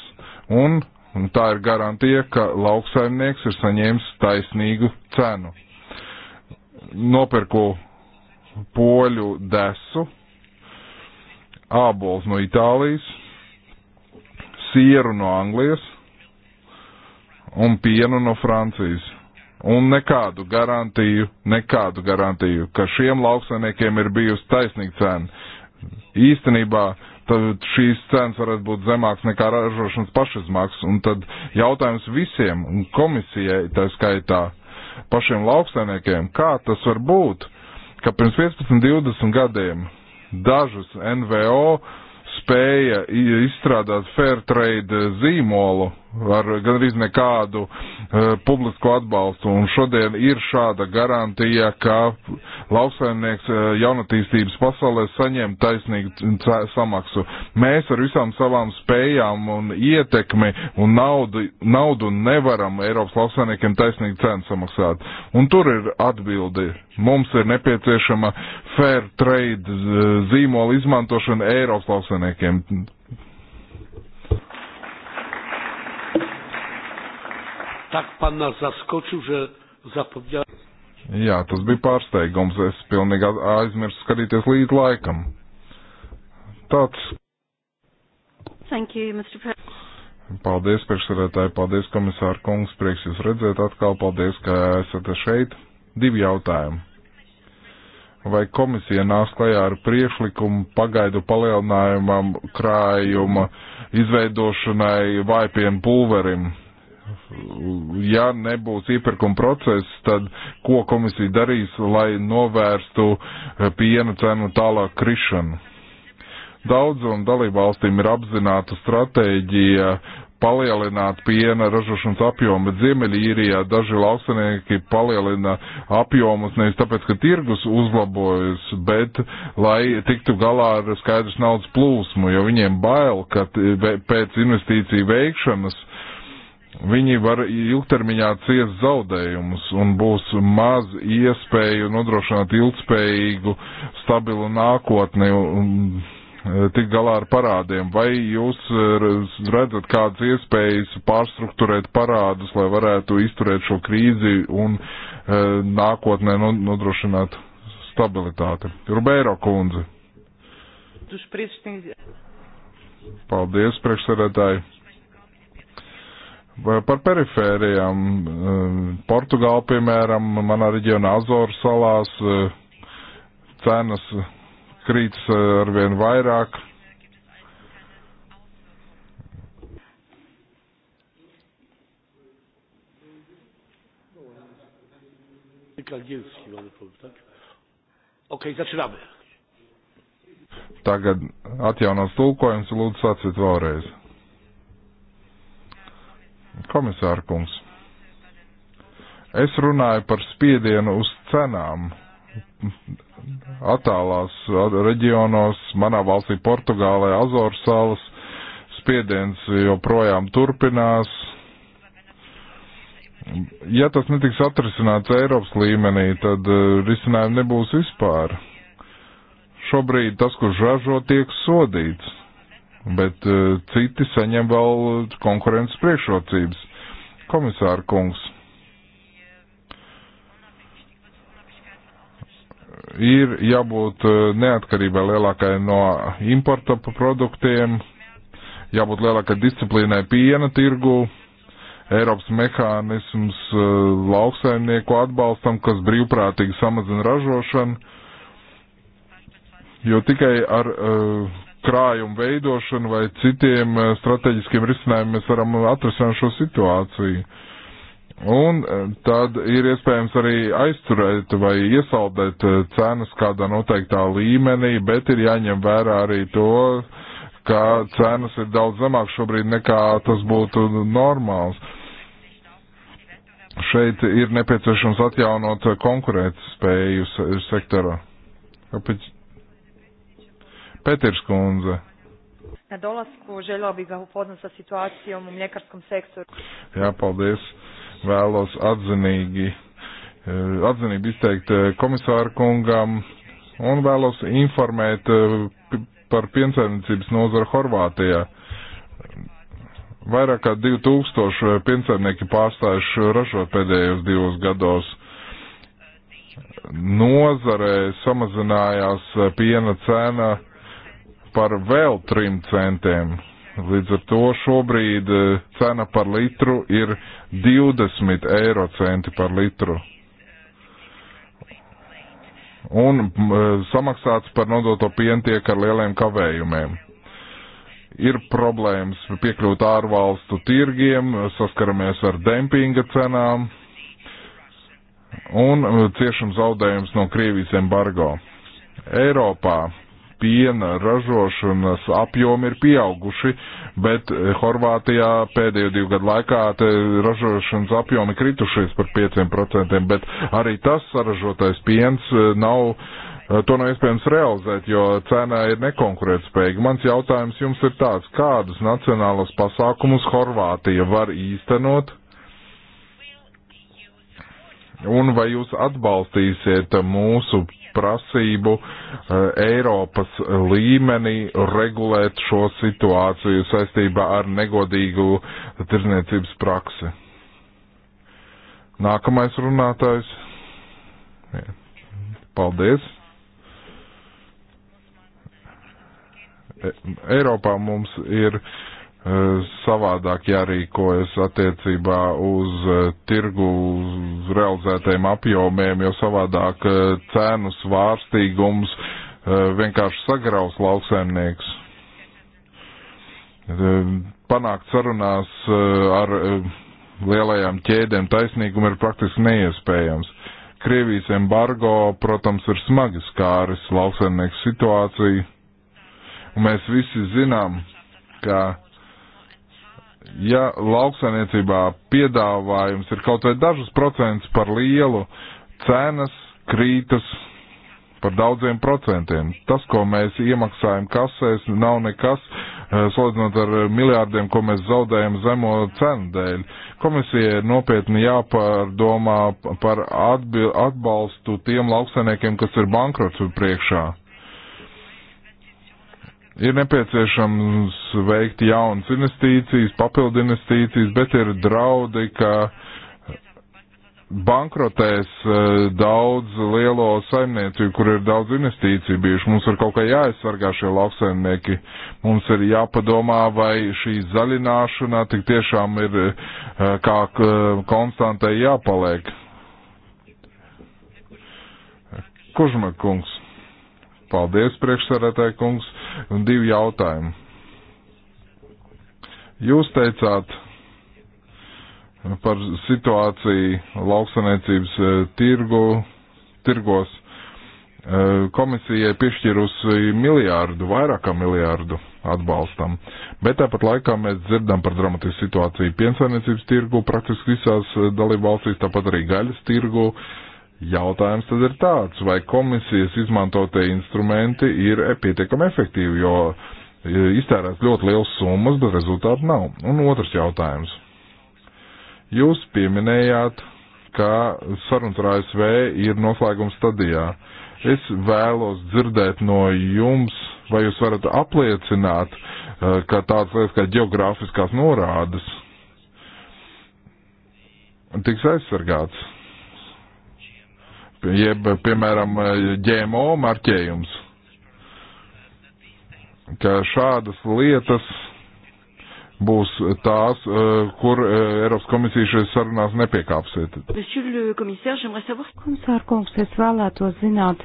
un, un tā ir garantija, ka lauksaimnieks ir saņēmis taisnīgu cenu. Nopirku poļu desu, ābols no Itālijas, sieru no Anglijas un pienu no Francijas un nekādu garantiju, nekādu garantiju, ka šiem lauksainiekiem ir bijusi taisnīga cena. Īstenībā tad šīs cenas varētu būt zemāks nekā ražošanas pašizmaksas, un tad jautājums visiem un komisijai, tā skaitā pašiem lauksainiekiem, kā tas var būt, ka pirms 15, 20 gadiem dažas NVO spēja izstrādāt fair trade zīmolu ar gandrīz nekādu uh, publisko atbalstu. Un šodien ir šāda garantija, ka lauksaimnieks uh, jaunatīstības pasaulē saņem taisnīgu samaksu. Mēs ar visām savām spējām un ietekmi un naudu, naudu nevaram Eiropas lauksaimniekiem taisnīgu cenu samaksāt. Un tur ir atbildi. Mums ir nepieciešama fair trade zīmola izmantošana Eiropas lauksaimniekiem. tak pan nas zaskoczył, że zapomniałem. Jā, tas bija pārsteigums. Es pilnīgi aizmirsu skatīties līdz laikam. Tāds. Thank you, Mr. President. Paldies, priekšsarētāji, paldies, komisāra kungs, prieks jūs redzēt atkal, paldies, ka esat šeit. Divi jautājumi. Vai komisija nāks klajā ar priekšlikumu pagaidu palielinājumam krājuma izveidošanai vaipienu pulverim? ja nebūs iepirkuma process, tad ko komisija darīs, lai novērstu eh, piena cenu tālāk krišanu? Daudzum dalībvalstīm ir apzināta stratēģija palielināt piena ražošanas apjomu, bet Ziemeļīrijā daži lauksanieki palielina apjomus nevis tāpēc, ka tirgus uzlabojas, bet lai tiktu galā ar skaidrs naudas plūsmu, jo viņiem bail, ka pēc investīciju veikšanas Viņi var ilgtermiņā ciest zaudējumus un būs maz iespēju nodrošināt ilgspējīgu, stabilu nākotni un e, tik galā ar parādiem. Vai jūs e, redzat kādas iespējas pārstruktūrēt parādus, lai varētu izturēt šo krīzi un e, nākotnē nodrošināt stabilitāti? Rubēro kundze. Paldies, priekšsēdētāji Par perifērijām. Eh, Portugāla, piemēram, manā reģionā Azoru salās eh, cenas krītas eh, arvien vairāk. Kaldielski mamy problem, tak? Okej, okay, zaczynamy. Tagad atjaunos tulkojums, lūdzu, sacīt vēlreiz. Komisāra kungs, es runāju par spiedienu uz cenām attālās reģionos, manā valstī Portugālē, Azoru salas, spiediens joprojām turpinās. Ja tas netiks atrisināts Eiropas līmenī, tad e, risinājumu nebūs vispār. Šobrīd tas, kurš ražo, tiek sodīts bet uh, citi saņem vēl konkurences priekšrocības. Komisāra kungs. Ir jābūt eh, neatkarībai lielākai no importa produktiem, jābūt lielākai disciplīnai piena tirgū, Eiropas mehānisms eh, lauksaimnieku atbalstam, kas brīvprātīgi samazina ražošanu, jo tikai ar uh, krājumu veidošanu vai citiem eh, strateģiskiem risinājumiem mēs varam atrasināt šo situāciju. Un eh, tad ir iespējams arī aizturēt vai iesaldēt eh, cenas kādā noteiktā līmenī, bet ir jāņem vērā arī to, ka cenas ir daudz zemāk šobrīd nekā tas būtu normāls. Šeit ir nepieciešams atjaunot konkurētas spēju sektorā. Kāpēc? Petirs kundze. Na dolasku željela bih ga upoznat sa situacijom u mljekarskom sektoru. Jā, paldies. Vēlos atzinīgi, e, atzinīgi izteikt e, komisāru kungam un vēlos informēt e, par piensaimniecības nozaru Horvātijā. Vairāk kā 2000 piensaimnieki pārstājuši ražot pēdējos divos gados. Nozare samazinājās piena cena par vēl 3 centiem. Līdz ar to šobrīd eh, cena par litru ir 20 eiro centi par litru. Un eh, samaksāts par nodoto pienu tiek ar lieliem kavējumiem ir problēmas piekļūt ārvalstu tirgiem, saskaramies ar dempinga cenām un eh, ciešam zaudējums no Krievijas embargo. Eiropā piena ražošanas apjomi ir pieauguši, bet eh, Horvātijā pēdējo divu gadu laikā ražošanas apjomi kritušies par 5%, bet arī tas saražotais piens eh, nav. Eh, to nav iespējams realizēt, jo cena ir nekonkurētspējīga. Mans jautājums jums ir tāds, kādus nacionālos pasākumus Horvātija var īstenot, un vai jūs atbalstīsiet mūsu prasību eh, Eiropas līmenī regulēt šo situāciju saistībā ar negodīgu tirzniecības praksi. Nākamais runātājs. Paldies. E, Eiropā mums ir uh, Eh, savādāk jārīkojas attiecībā uz eh, tirgu uz realizētajiem apjomiem, jo savādāk eh, cēnu svārstīgums vienkārši sagraus lauksaimnieks. Panākt sarunās ar lielajām ķēdēm taisnīgumu ir praktiski neiespējams. Krievijas embargo, protams, ir smagi skāris lauksaimnieku situāciju. Un mēs visi zinām, ka ja lauksainiecībā piedāvājums ir kaut vai dažus procentus par lielu, cenas krītas par daudziem procentiem. Tas, ko mēs iemaksājam kasēs, nav nekas, eh, salīdzinot ar miljārdiem, ko mēs zaudējam zemo cenu dēļ. Komisija ir nopietni jāpārdomā par atbalstu tiem lauksainiekiem, kas ir bankrotu priekšā ir nepieciešams veikt jaunas investīcijas, papildu investīcijas, bet ir draudi, ka bankrotēs eh, daudz lielo saimniecību, kur ir daudz investīciju bijuši. Mums ir kaut kā jāaizsargā šie lauksaimnieki. Mums ir jāpadomā, vai šī zaļināšana tik tiešām ir eh, kā eh, konstantai jāpaliek. Kužma kungs. Paldies, priekšsarētāji kungs, un divi jautājumi. Jūs teicāt par situāciju lauksanēcības eh, tirgu, tirgos eh, komisijai piešķirusi miljārdu, vairāk kā miljārdu atbalstam. Bet tāpat laikā mēs dzirdam par dramatisku situāciju piensaimniecības tirgu praktiski visās eh, dalībvalstīs, tāpat arī gaļas tirgu. Uh, Jautājums tad ir tāds, vai komisijas izmantotie instrumenti ir pietiekami efektīvi, jo e, iztērēts ļoti liels summas, bet rezultātu nav. Un otrs jautājums. Jūs pieminējāt, ka sarunas ar ASV ir noslēguma stadijā. Es vēlos dzirdēt no jums, vai jūs varat apliecināt, e, ka tāds lietas kā geogrāfiskās norādes tiks aizsargāts jeb, piemēram, ģēmo marķējums, ka šādas lietas būs tās, eh, kur eh, Eiropas komisija šajās sarunās nepiekāpsiet. Komisār kungs, es vēlētos zināt,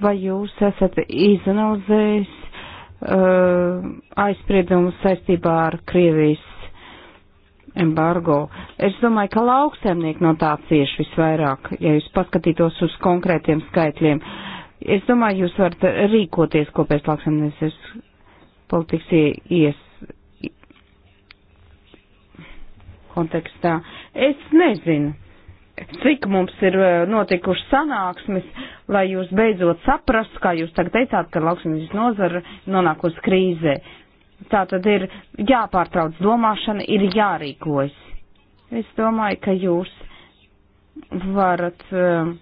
vai jūs esat izanalizējis uh, aizspriedumus saistībā ar Krievijas embargo. Es domāju, ka lauksaimnieki no tā cieši visvairāk, ja jūs paskatītos uz konkrētiem skaitļiem. Es domāju, jūs varat rīkoties kopēc lauksaimniecības politikas ies kontekstā. Es nezinu, cik mums ir e, notikuši sanāksmes, lai jūs beidzot saprastu, kā jūs tagad teicāt, ka lauksaimniecības nozara nonāk uz krīzē. Uh, Tā tad ir jāpārtrauc domāšana, ir jārīkojas. Es domāju, ka jūs varat. Uh,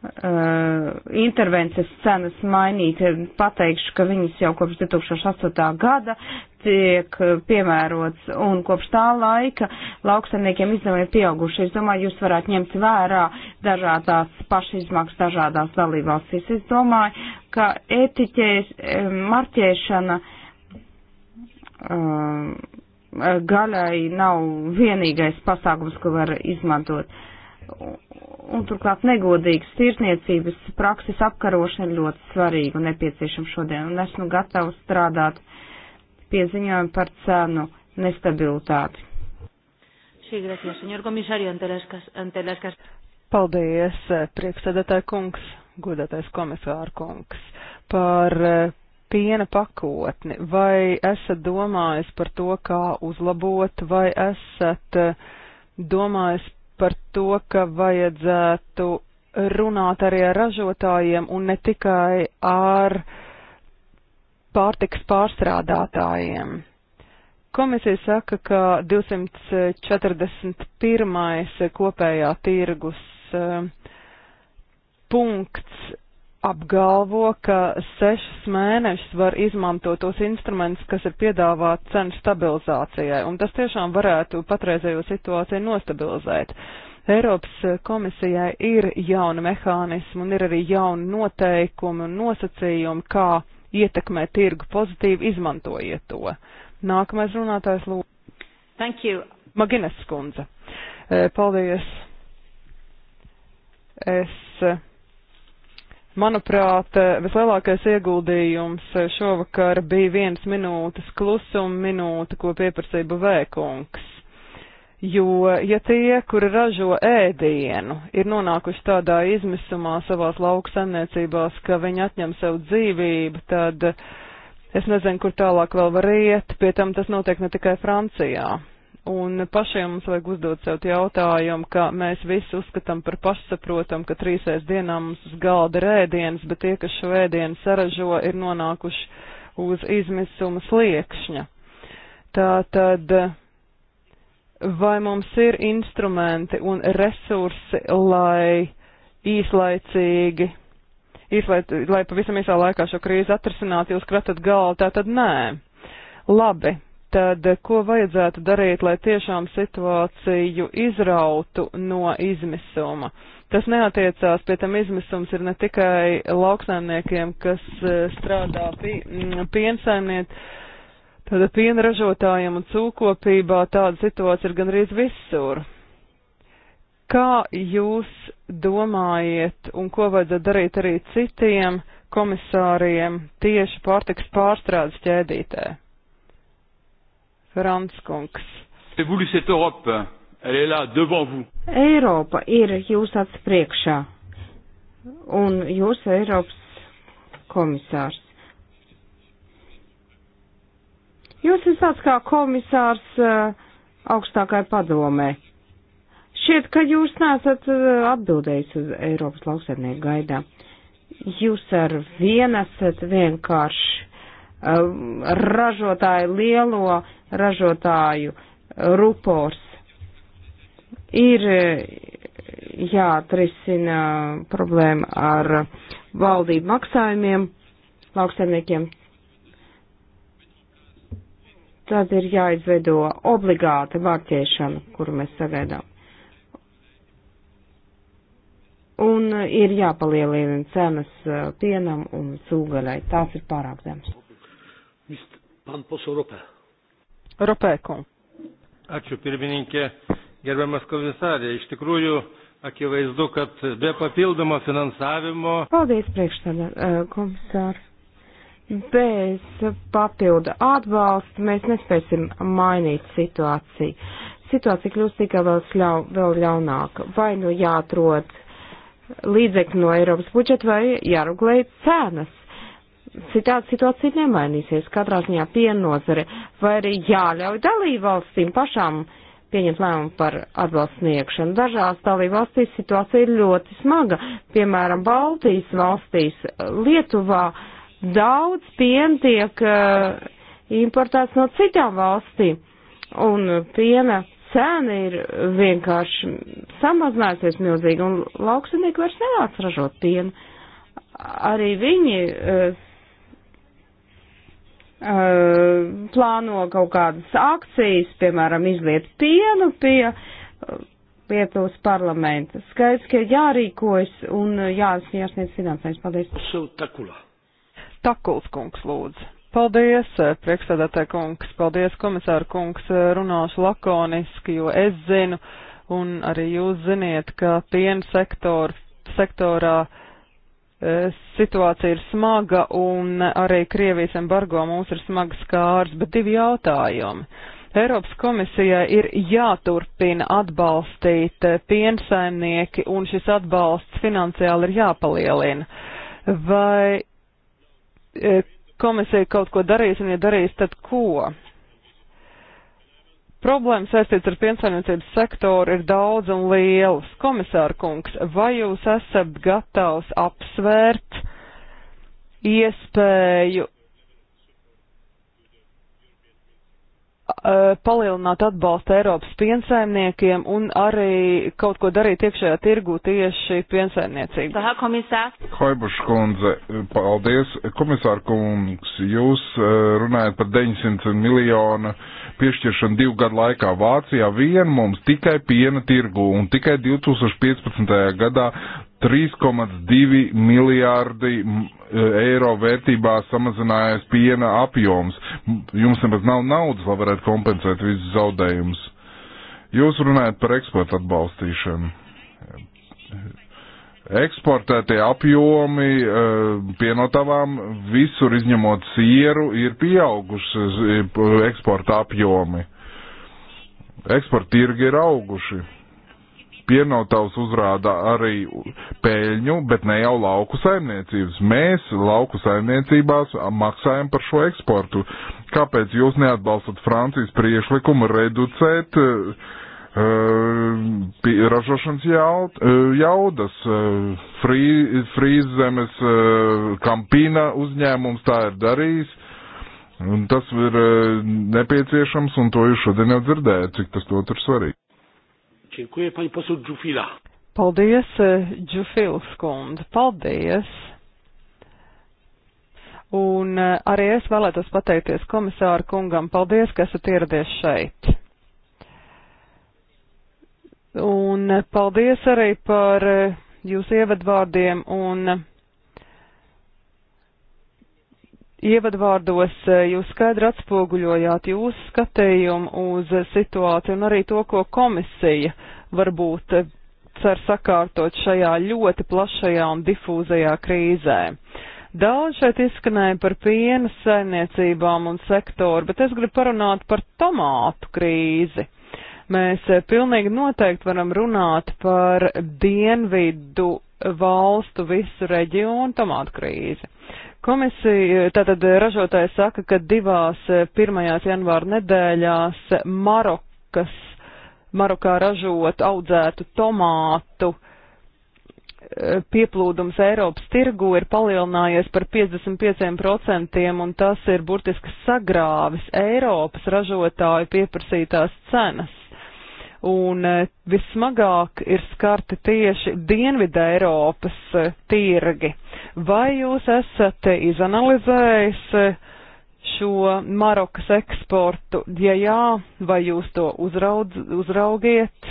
Uh, intervences cenas mainīt. Pateikšu, ka viņas jau kopš 2008. gada tiek uh, piemērots un kopš tā laika lauksaimniekiem izdevumi ir pieauguši. Es domāju, jūs varētu ņemt vērā dažādās pašizmaksas dažādās dalībvalstīs. Es domāju, ka etiķēs, um, marķēšana um, gaļai nav vienīgais pasākums, ko var izmantot un turklāt negodīgas tirsniecības prakses apkarošana ir ļoti svarīga un nepieciešama šodien, un esmu gatava strādāt pie ziņojuma par cenu nestabilitāti. Sí, gracias, señor comisario, ante las, ante las... Paldies, priekšsēdētāja kungs, godātais komisāra kungs, par eh, piena pakotni. Vai esat domājis par to, kā uzlabot, vai esat eh, domājis par to, ka vajadzētu runāt arī ar ražotājiem un ne tikai ar pārtiks pārstrādātājiem. Komisija saka, ka 241. kopējā tirgus eh, punkts apgalvo, ka sešas mēnešus var izmantot tos instrumentus, kas ir piedāvāti cenu stabilizācijai, un tas tiešām varētu patreizējo situāciju nostabilizēt. Eiropas komisijai ir jauna mehānisma un ir arī jauni noteikumi un nosacījumi, kā ietekmē tirgu pozitīvi, izmantojiet to. Nākamais runātājs lūdzu. Thank you. Magines skundze. E, paldies. Es Manuprāt, vislielākais ieguldījums šovakar bija viens minūtes klusuma minūte, ko pieprasīja Buvēkungs. Jo, ja tie, kuri ražo ēdienu, ir nonākuši tādā izmisumā savās lauksaimniecībās, ka viņi atņem sev dzīvību, tad es nezinu, kur tālāk vēl var iet, pie tam tas notiek ne tikai Francijā. Un pašiem mums vajag uzdot sev jautājumu, ka mēs visi uzskatām par pašsaprotam, ka trīsēs dienā mums uz galda rēdienas, bet tie, kas šo ēdienu saražo, ir nonākuši uz izmisuma sliekšņa. Tā tad, vai mums ir instrumenti un resursi, lai īslaicīgi, īslaic, lai pavisam īsā laikā šo krīzi atrisināt, jūs kratat galvu, tā tad nē. Labi, Tad, eh, ko vajadzētu darīt, lai tiešām situāciju izrautu no izmisuma? Tas neatiecās, pie tam izmisums ir ne tikai lauksaimniekiem, kas eh, strādā pie, mm, piensaimniet, tad pienražotājiem un cūkopībā tāda situācija ir gandrīz visur. Kā jūs domājiet un ko vajadzētu darīt arī citiem komisāriem tieši pārtiks pārstrādes ķēdītē? Franskungs. Eiropa ir jūs acu priekšā, un jūs Eiropas komisārs. Jūs esat kā komisārs eh, augstākai padomē. Šķiet, ka jūs nesat eh, atbildējis uz Eiropas lauksaimnieku gaidām. Jūs ar vienu esat vienkārši eh, ražotāju lielo ražotāju rupors. Ir e, jāatrisina problēma ar valdību maksājumiem lauksaimniekiem. Tad ir jāizveido obligāta vārķēšana, kuru mēs sagaidām. Un ir jāpalielina cenas e, pienam un cūgaļai. Tās ir pārāk zemes. Pan posūrupē. Ropēku. Ačiū pirmininkė, gerbiamas komisarė. Iš tikrųjų, akivaizdu, kad be papildomo finansavimo. Paldies, priekšstādā eh, komisārs. Bez papilda atbalsta mēs nespēsim mainīt situāciju. Situācija kļūst tikai vēl, ļau, vēl ļaunāka. Vai nu jāatrod līdzekļi no Eiropas budžeta vai jāruglē cenas citādi situācija nemainīsies. Katrā ziņā piennozare vai arī jāļauj dalībvalstīm pašām pieņemt lēmumu par atbalstu sniegšanu. Dažās dalībvalstīs situācija ir ļoti smaga. Piemēram, Baltijas valstīs, Lietuvā daudz piena tiek uh, importēts no citām valstīm. Un piena cena ir vienkārši samazinājusies milzīgi, un lauksinieki vairs nevēlas ražot pienu. Arī viņi uh, Uh, plāno kaut kādas akcijas, piemēram, izliet pienu pie uh, Lietuvas parlamenta. Skaidrs, ka jārīkojas un uh, jāsniedz finansējums. Paldies. Takuls kungs lūdzu. Paldies, priekšsēdētāj kungs, paldies, komisāra kungs, runāšu lakoniski, jo es zinu, un arī jūs ziniet, ka piena sektor, sektorā Eh, situācija ir smaga un arī Krievijas embargo mums ir smags kārs, bet divi jautājumi. Eiropas komisijai ir jāturpina atbalstīt eh, piensaimnieki un šis atbalsts finansiāli ir jāpalielina. Vai eh, komisija kaut ko darīs un ja darīs, tad ko? Problēmas saistīts ar piensaimniecības sektoru ir daudz un lielas. Komisāra kungs, vai jūs esat gatavs apsvērt iespēju palielināt atbalstu Eiropas piensaimniekiem un arī kaut ko darīt iekšējā tirgū tieši piensaimniecību. Haibuš kundze, paldies. Komisār kungs, jūs runājat par 900 miljonu piešķiršanu divu gadu laikā Vācijā vien mums tikai piena tirgu un tikai 2015. gadā 3,2 miljārdi e, eiro vērtībā samazinājies piena apjoms. Jums nemaz nav naudas, lai varētu kompensēt visus zaudējumus. Jūs runājat par eksporta atbalstīšanu. Eksportētie apjomi e, pienotavām visur izņemot sieru ir pieauguši e, eksporta apjomi. Eksporta tirgi ir auguši pienotavs uzrāda arī peļņu, bet ne jau lauku saimniecības. Mēs lauku saimniecībās maksājam par šo eksportu. Kāpēc jūs neatbalstat Francijas priešlikumu reducēt uh, ražošanas jaud, eh, jaudas? Uh, frī, frīzemes uh, kampīna uzņēmums tā ir darījis. Un tas ir nepieciešams, un to jūs šodien jau dzirdējat, cik tas to tur svarīgi. Dziękuję pani poseł Džufila. Paldies, e, Džufils kundze. Paldies. Un e, arī es vēlētos pateikties komisāru kungam. Paldies, ka esat ieradies šeit. Un e, paldies arī par jūsu ievadvārdiem un ievadvārdos jūs skaidri atspoguļojāt jūsu skatījumu uz situāciju un arī to, ko komisija uh, varbūt cer sakārtot šajā ļoti plašajā un difūzajā krīzē. Daudz šeit izskanēja par piena saimniecībām un sektoru, bet es gribu parunāt par tomātu krīzi. Mēs eh, pilnīgi noteikti varam runāt par dienvidu valstu visu reģionu tomātu krīzi. Komisija, tātad ražotāji saka, ka divās eh, pirmajās janvāra nedēļās Marokas Marokā ražotu, audzētu tomātu eh, pieplūdums Eiropas tirgu ir palielinājies par 55% un tas ir burtiski sagrāvis Eiropas ražotāju pieprasītās cenas. Un eh, vismagāk ir skarti tieši Dienvidē Eiropas eh, tirgi. Vai jūs esat izanalizējis uh, šo Marokas eksportu, ja jā, vai jūs to uzraudz, uzraugiet?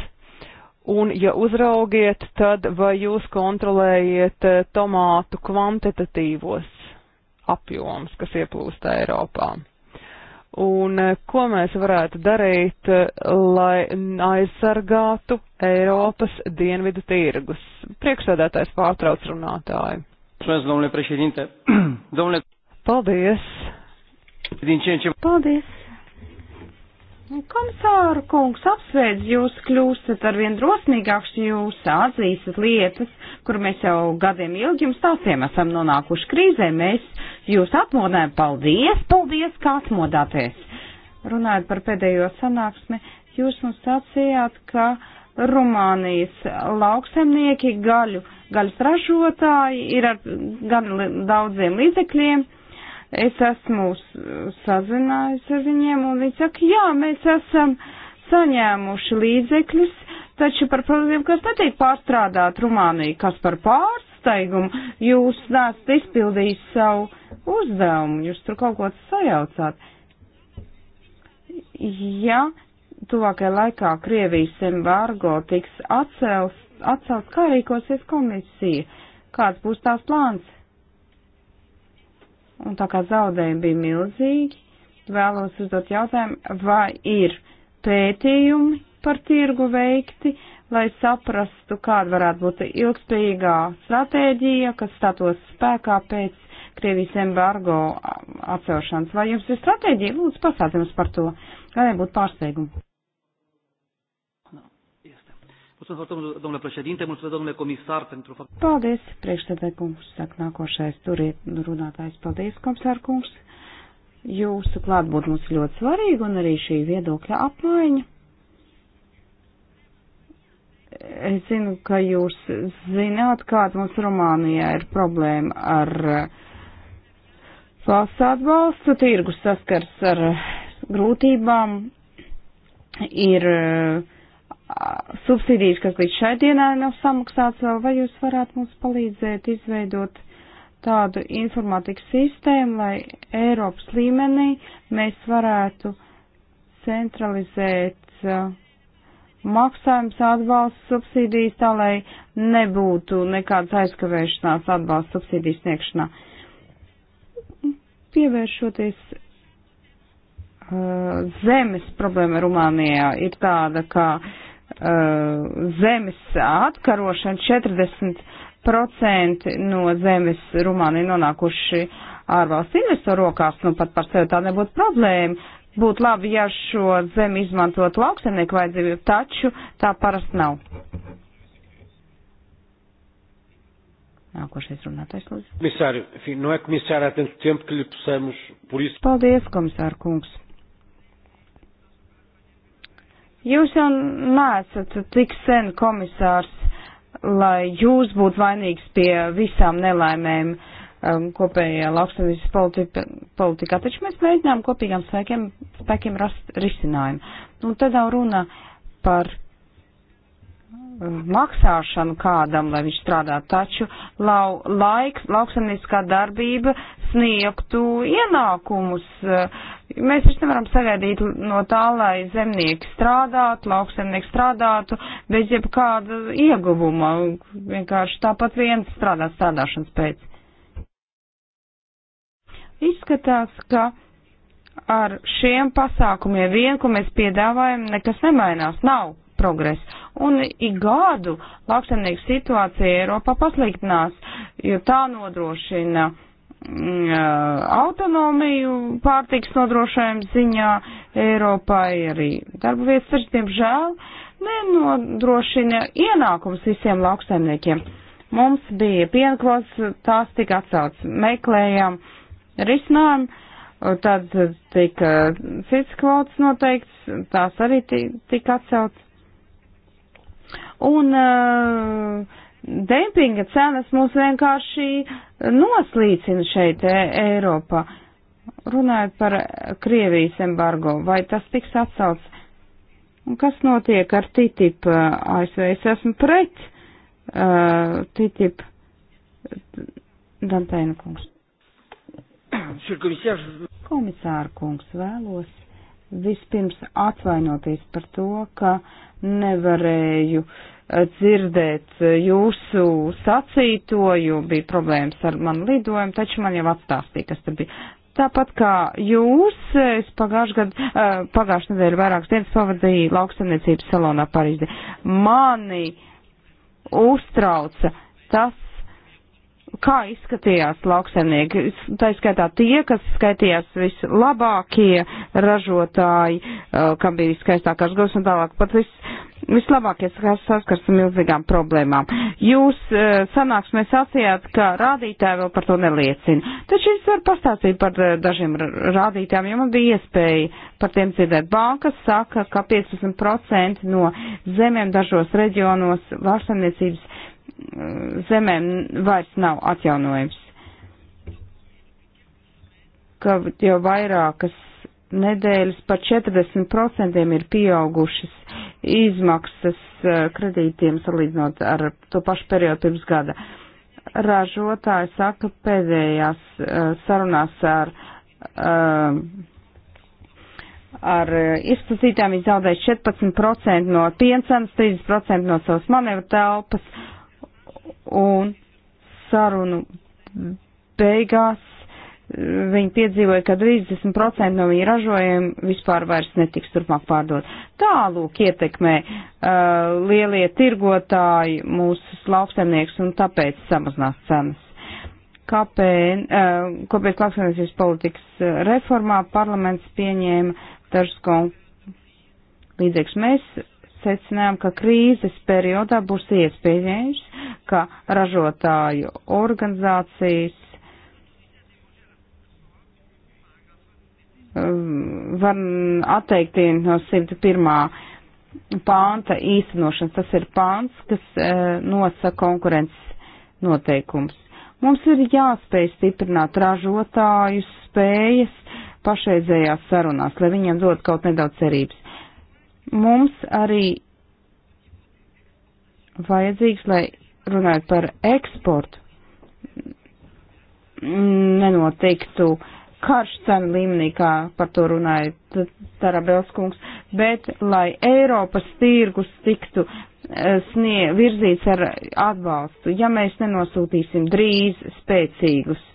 Un, ja uzraugiet, tad vai jūs kontrolējiet eh, tomātu kvantitatīvos apjoms, kas ieplūst Eiropā? Un eh, ko mēs varētu darīt, eh, lai aizsargātu Eiropas dienvidu tirgus? Priekšsēdētājs pārtrauc runātāju. Paldies! Paldies! Komisāra kungs apsveic jūs, kļūstat arvien drosmīgāks, jūs atzīstat lietas, kur mēs jau gadiem ilgi jums stāstiem esam nonākuši krīzē. Mēs jūs atmodējam, paldies, paldies, ka atmodāties. Runājot par pēdējo sanāksmi, jūs mums sacījāt, ka Rumānijas lauksemnieki, gaļu, gaļas ražotāji ir ar gan daudziem līdzekļiem Es esmu sazinājusi ar viņiem, un viņi saka, jā, mēs esam saņēmuši līdzekļus, taču par produktiem, kas netiek pārstrādāt Rumānijā, kas par pārsteigumu, jūs nesat izpildījis savu uzdevumu, jūs tur kaut ko sajaucāt. Ja tuvākajā laikā Krievijas embargo tiks atcels, atcelts, kā rīkosies komisija? Kāds būs tās plāns? Un tā kā zaudējumi bija milzīgi, vēlos uzdot jautājumu, vai ir pētījumi par tirgu veikti, lai saprastu, kāda varētu būt ilgspējīgā stratēģija, kas statos spēkā pēc Krievijas embargo atcelšanas. Vai jums ir stratēģija? Lūdzu, pasāciet mums par to, lai nebūtu pārsteigumu. Mulțumesc foarte mult, domnule președinte, mulțumesc, domnule comisar, pentru faptul. Paldies, priekšstādē kungs, saka nākošais turiet runātājs. Paldies, komisār kungs. Jūsu klātbūt mums ļoti svarīga un arī šī viedokļa apmaiņa. Es zinu, ka jūs zināt, kāda mums Rumānijā ir problēma ar eh, valsts atbalstu. Tirgus saskars ar eh, grūtībām. Ir uh, subsīdijas, kas līdz šai dienai nav samaksāts vēl, vai jūs varētu mums palīdzēt izveidot tādu informatikas sistēmu, lai Eiropas līmenī mēs varētu centralizēt uh, maksājums atbalsts subsīdijas, tā lai nebūtu nekādas aizkavēšanās atbalsts subsīdijas sniegšanā. Pievēršoties uh, zemes problēma Rumānijā ir tāda, ka uh, Uh, zemes atkarošana 40% no zemes Rumānija nonākuši ārvalstu investoru rokās, nu pat par sevi tā nebūtu problēma. Būtu labi, ja šo zemi izmantot lauksemnieku vajadzību, taču tā parasti nav. Nākošais runātais, lūdzu. Komisāri, não é comissário há tanto tempo que lhe possamos, por isso... Paldies, komisāra kungs. Jūs jau nesat tik sen komisārs, lai jūs būtu vainīgs pie visām nelaimēm um, kopējā lauksaimniecības politika, politikā, taču mēs mēģinām kopīgām spēkiem, spēkiem rast risinājumu. Un tad jau runa par maksāšanu kādam, lai viņš strādā, taču lau, laiks, lauksamniskā darbība sniegtu ienākumus. Mēs taču nevaram sagaidīt no tā, lai zemnieki strādātu, lauksamnieki strādātu bez jebkāda ieguvuma, vienkārši tāpat viens strādāt strādāšanas pēc. Izskatās, ka ar šiem pasākumiem vien, ko mēs piedāvājam, nekas nemainās. Nav progresu. Un ik gadu lauksaimnieku situācija Eiropā pasliktinās, jo tā nodrošina mm, autonomiju pārtiks nodrošējumu ziņā Eiropai arī darba vietas, taču, diemžēl, nenodrošina ienākums visiem lauksaimniekiem. Mums bija pienkvots, tās tika atcelts, meklējām risinājumu, tad tika cits kvots noteikts, tās arī tika atcelts un uh, dempinga cenas mūs vienkārši eh, noslīcina šeit eh, Eiropā. Runājot par Krievijas embargo, vai tas tiks atcelts? Un kas notiek ar TTIP? ASV es esmu pret uh, TTIP. Dantēna kungs. Komisāra kungs vēlos vispirms atvainoties par to, ka nevarēju eh, dzirdēt eh, jūsu sacīto, jo bija problēmas ar manu lidojumu, taču man jau atstāstīja, kas tur bija. Tāpat kā jūs, es pagājušajā gadā, eh, pagājušajā nedēļā vairākas dienas pavadīju lauksaimniecības salonā Parīzē. Mani uztrauca tas, kā izskatījās lauksaimnieki. Tā skaitā tie, kas skaitījās vislabākie ražotāji, uh, kam bija viskaistākās gos un tālāk pat vis, vislabākie, kas saskars ar milzīgām problēmām. Jūs uh, sanāksmē sacījāt, ka rādītāji vēl par to neliecina. Taču es varu pastāstīt par uh, dažiem rādītājiem, jo man bija iespēja par tiem dzirdēt. Bankas saka, ka 15% no zemēm dažos reģionos lauksaimniecības zemēm vairs nav atjaunojams. Ka jau vairākas nedēļas par 40% ir pieaugušas izmaksas eh, kredītiem salīdzinot ar to pašu periodu pirms gada. Ražotāji saka pēdējās eh, sarunās ar, eh, ar izplatītājiem viņi zaudēja 14% no piencenas, 30% no savas manevra telpas un sarunu beigās eh, viņi piedzīvoja, ka 30% no viņa ražojuma vispār vairs netiks turpmāk pārdot. Tālūk ietekmē uh, lielie tirgotāji mūsu lauksaimnieks un tāpēc samazinās cenas. KPN, uh, kopēc lauksaimniecības politikas eh, reformā parlaments pieņēma dažus līdzekļus. Mēs secinājām, ka krīzes periodā būs iespējams, ka ražotāju organizācijas um, var atteikties no 101 pānta īstenošanas. Tas ir pāns, kas uh, nosaka konkurences noteikums. Mums ir jāspēj stiprināt ražotāju spējas pašreizējās sarunās, lai viņiem dod kaut nedaudz cerības. Mums arī vajadzīgs, lai runājot par eksportu, nenotiktu karš cenu līmenī, kā par to runāja Tarabels kungs, bet lai Eiropas tirgus tiktu e, snie, virzīts ar atbalstu. Ja mēs nenosūtīsim drīz spēcīgus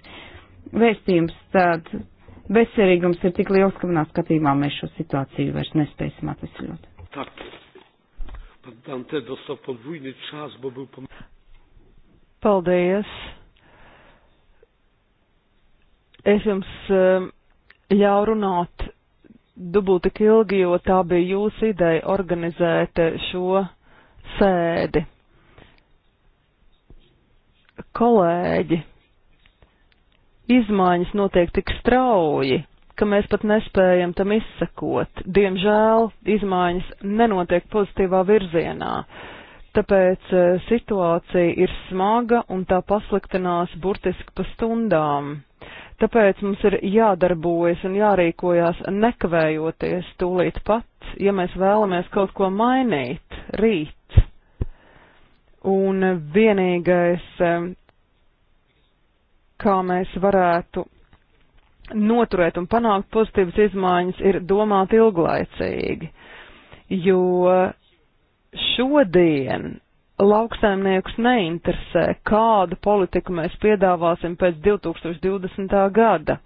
vēstījums, tad bezcerīgums ir tik liels, ka manā skatījumā mēs šo situāciju vairs nespēsim atvesļot. Paldies! Es jums ļauju runāt dubult tik ilgi, jo tā bija jūsu ideja organizēt šo sēdi. Kolēģi! izmaiņas notiek tik strauji, ka mēs pat nespējam tam izsekot. Diemžēl izmaiņas nenotiek pozitīvā virzienā. Tāpēc eh, situācija ir smaga un tā pasliktinās burtiski pa stundām. Tāpēc mums ir jādarbojas un jārīkojās nekavējoties tūlīt pat, ja mēs vēlamies kaut ko mainīt rīt. Un vienīgais eh, kā mēs varētu noturēt un panākt pozitīvas izmaiņas, ir domāt ilglaicīgi. Jo šodien lauksaimniekus neinteresē, kādu politiku mēs piedāvāsim pēc 2020. gada.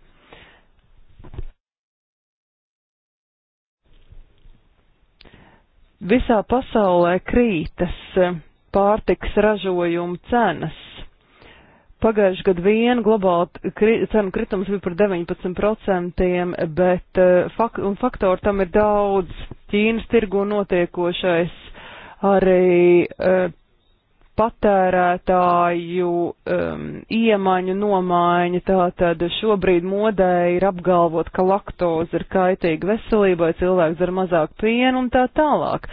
Visā pasaulē krītas pārtiks ražojumu cenas Pagājuši gadu vien globāli kri, cenu kritums bija par 19%, bet eh, fak, un faktori tam ir daudz. Ķīnas tirgu notiekošais arī uh, patērētāju um, iemaņu nomaiņa, tātad šobrīd modē ir apgalvot, ka laktoze ir kaitīga veselībai, cilvēks ar mazāk pienu un tā tālāk.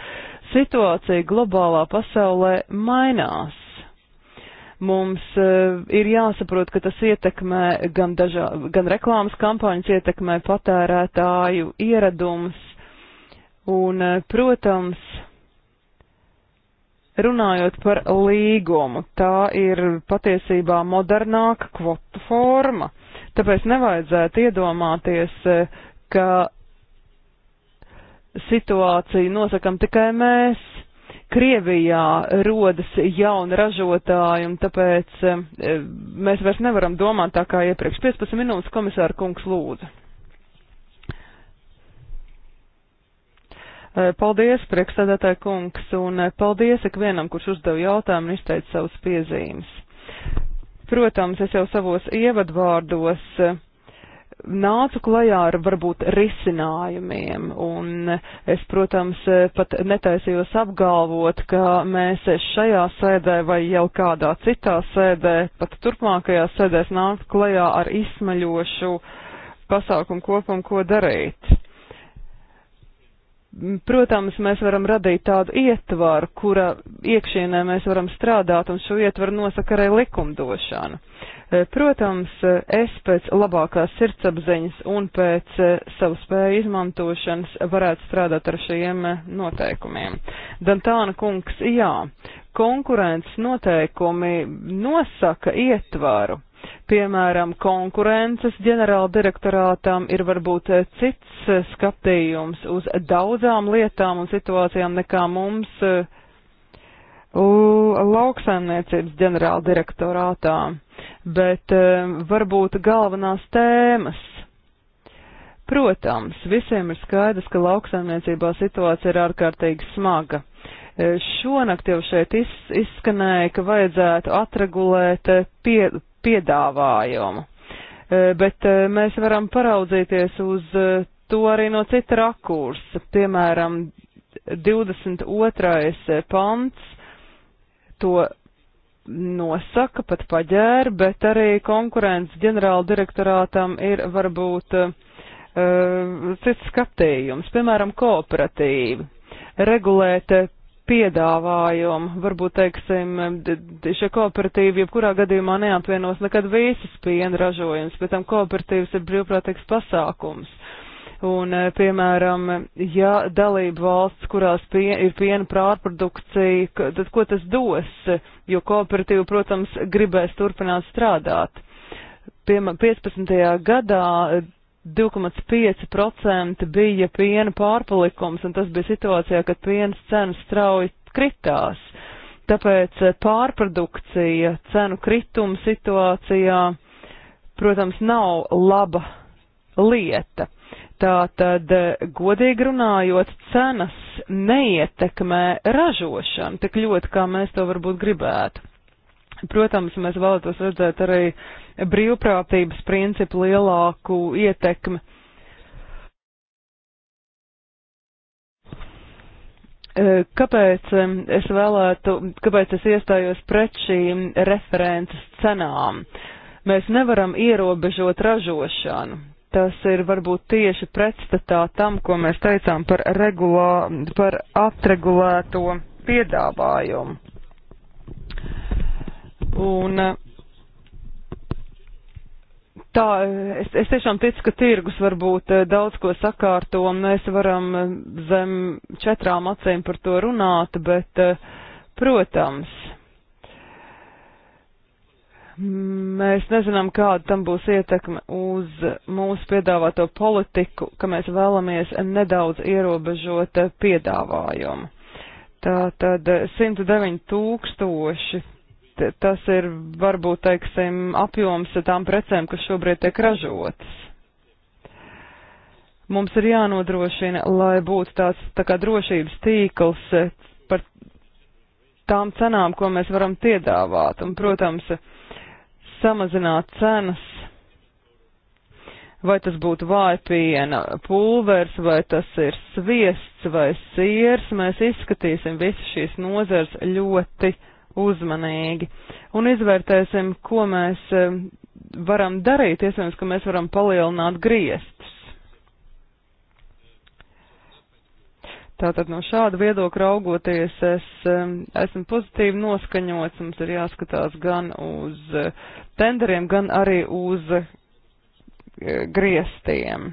Situācija globālā pasaulē mainās Mums eh, ir jāsaprot, ka tas ietekmē gan, dažā, gan reklāmas kampaņas, ietekmē patērētāju ieradums. Un, eh, protams, runājot par līgumu, tā ir patiesībā modernāka kvotu forma. Tāpēc nevajadzētu iedomāties, eh, ka situāciju nosakam tikai mēs. Krievijā rodas jauni ražotāji, un tāpēc e, mēs vairs nevaram domāt tā kā iepriekš. 15 minūtes komisāra kungs lūdzu. E, paldies, priekšstādātāja kungs, un e, paldies ikvienam, kurš uzdeva jautājumu un izteica savus piezīmes. Protams, es jau savos ievadvārdos nācu klajā ar varbūt risinājumiem, un es, protams, pat netaisījos apgalvot, ka mēs šajā sēdē vai jau kādā citā sēdē, pat turpmākajā sēdēs nāktu klajā ar izsmaļošu pasākumu kopumu, ko darīt. Protams, mēs varam radīt tādu ietvaru, kura iekšienē mēs varam strādāt, un šo ietvaru nosaka arī likumdošana. Uh, Eh, protams, eh, es pēc labākās sirdsapziņas un pēc eh, savu spēju izmantošanas varētu strādāt ar šiem noteikumiem. Dantāna kungs, jā, konkurences noteikumi nosaka ietvaru. Piemēram, konkurences ģenerāla direktorātām ir varbūt cits skatījums uz daudzām lietām un situācijām nekā mums uh, lauksaimniecības ģenerāla direktorātā, bet um, varbūt galvenās tēmas. Protams, visiem ir skaidrs, ka lauksaimniecībā situācija ir ārkārtīgi smaga. E, šonakt jau šeit izskanēja, ka vajadzētu atregulēt e, pie, piedāvājumu, e, bet mēs varam paraudzīties uz to arī no cita rakursa, piemēram, 22. pants to nosaka, pat paģēra, bet arī konkurences ģenerāla direktorātam ir varbūt uh, cits skatījums, piemēram, kooperatīvi. Regulēt eh, piedāvājumu, varbūt, teiksim, šie kooperatīvi jebkurā gadījumā neapvienos nekad visas piena ražojumus, bet tam kooperatīvs ir brīvprātīgs pasākums. Uh, Un, eh, piemēram, ja dalība valsts, kurās pie, ir piena prārprodukcija, tad ko tas dos? Jo kooperatīva, protams, gribēs turpināt strādāt. Piemēram, 15. gadā 2,5% eh, bija piena pārpalikums, un tas bija situācijā, kad pienas cenas strauji kritās. Tāpēc eh, pārprodukcija cenu krituma situācijā, protams, nav laba lieta. Tātad, godīgi runājot, cenas neietekmē ražošanu tik ļoti, kā mēs to varbūt gribētu. Protams, mēs vēlētos redzēt arī brīvprātības principu lielāku ietekmi. E, kāpēc es vēlētu, kāpēc es iestājos pret šīm references cenām? Mēs nevaram ierobežot ražošanu tas ir varbūt tieši pretstatā tam, ko mēs teicām par, regulā, par atregulēto piedāvājumu. Un tā, es, es tiešām ticu, ka tirgus varbūt eh, daudz ko sakārto, un mēs varam eh, zem četrām acīm par to runāt, bet, eh, protams, Mēs nezinām, kāda tam būs ietekme uz mūsu piedāvāto politiku, ka mēs vēlamies nedaudz ierobežot piedāvājumu. Tā tad 109 tūkstoši, tas ir varbūt, teiksim, apjoms tām precēm, kas šobrīd tiek ražotas. Mums ir jānodrošina, lai būtu tāds tā kā drošības tīkls par tām cenām, ko mēs varam piedāvāt. Un, protams, samazināt cenas. Vai tas būtu vājpiena pulvers, vai tas ir sviests vai siers, mēs izskatīsim visas šīs nozars ļoti uzmanīgi un izvērtēsim, ko mēs eh, varam darīt. Iespējams, ka mēs varam palielināt griezt. Tātad no šāda viedokļa raugoties, es esmu pozitīvi noskaņots, mums ir jāskatās gan uz eh, tenderiem, gan arī uz eh, griestiem.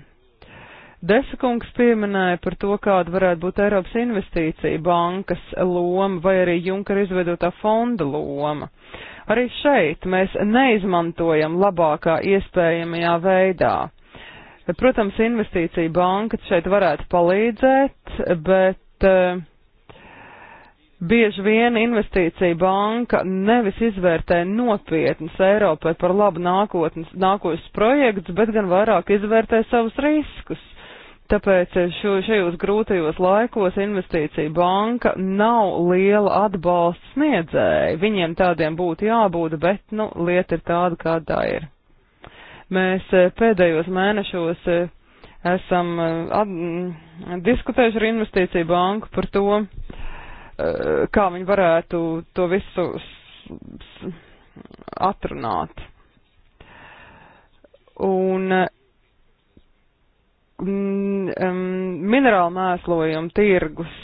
Desakungs pieminēja par to, kāda varētu būt Eiropas investīcija bankas loma vai arī Junkara izveidotā fonda loma. Arī šeit mēs neizmantojam labākā iespējamajā veidā. Protams, investīcija banka šeit varētu palīdzēt, bet eh, bieži vien investīcija banka nevis izvērtē nopietnas Eiropai par labu nākotnes, nākotnes projekts, bet gan vairāk izvērtē savus riskus. Tāpēc šo, šajos grūtajos laikos investīcija banka nav liela atbalsta sniedzēja. Viņiem tādiem būtu jābūt, bet, nu, lieta ir tāda, kādā ir. Mēs eh, pēdējos mēnešos eh, esam eh, ad, mm, diskutējuši ar investīciju banku par to, kā viņi varētu to visu atrunāt. Un mm, minerāla mēslojuma tirgus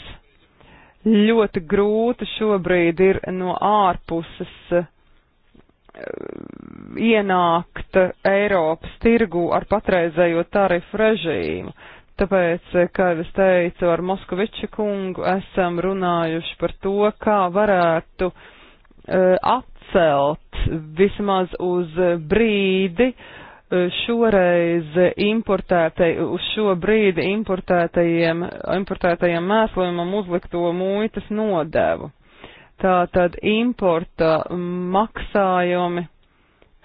ļoti grūti šobrīd ir no ārpuses uh, Eh, ienākt Eiropas tirgu ar patreizējo tarifu režīmu. Tāpēc, eh, kā jau es teicu, ar Moskoviča kungu esam runājuši par to, kā varētu uh, atcelt vismaz uz brīdi uh, šoreiz importētai, uz šo brīdi importētajiem, importētajiem mēslojumam uzlikto muitas nodevu. Tātad importa maksājumi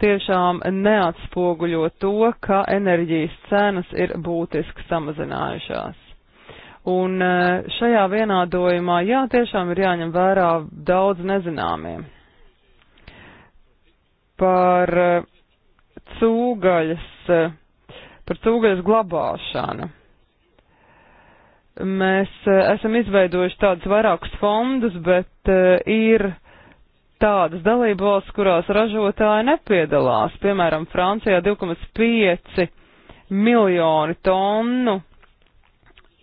tiešām neatspoguļo to, ka enerģijas cenas ir būtiski samazinājušās. Un e, šajā vienādojumā, jā, tiešām ir jāņem vērā daudz nezināmiem. Par e, cūgaļas, e, par cūgaļas glabāšanu. Mēs eh, esam izveidojuši tādus vairākus fondus, bet eh, ir tādas dalību valsts, kurās ražotāji nepiedalās. Piemēram, Francijā 2,5 miljoni tonu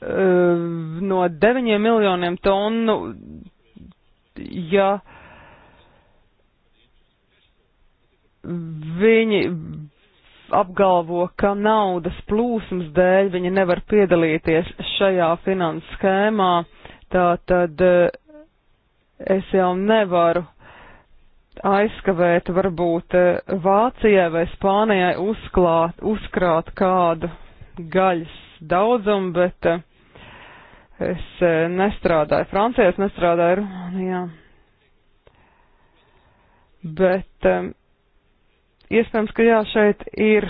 eh, no 9 miljoniem tonu, ja viņi apgalvo, ka naudas plūsmas dēļ viņi nevar piedalīties šajā finanses schēmā, tātad eh, es jau nevaru aizskavēt varbūt eh, Vācijai vai Spānijai uzklāt, uzkrāt kādu gaļas daudzumu, bet eh, es nestrādāju Francijā, es nestrādāju Rumānijā. Bet Iespējams, ka jā, šeit ir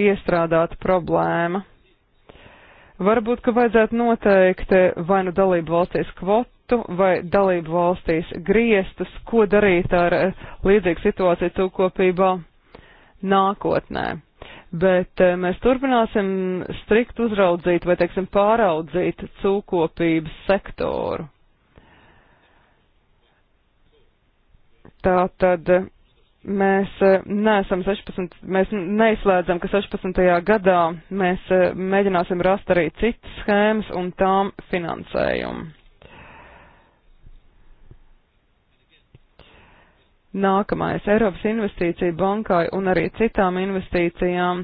iestrādāta problēma. Varbūt, ka vajadzētu noteikt eh, vai nu dalību valstīs kvotu vai dalību valstīs griestus, ko darīt ar eh, līdzīgu situāciju tūkopībā nākotnē. Bet eh, mēs turpināsim strikt uzraudzīt vai, teiksim, pāraudzīt cūkopības sektoru. Tā tad mēs eh, neesam 16, mēs neizslēdzam, ka 16. gadā mēs eh, mēģināsim rast arī citas schēmas un tām finansējumu. Nākamais Eiropas investīcija bankai un arī citām investīcijām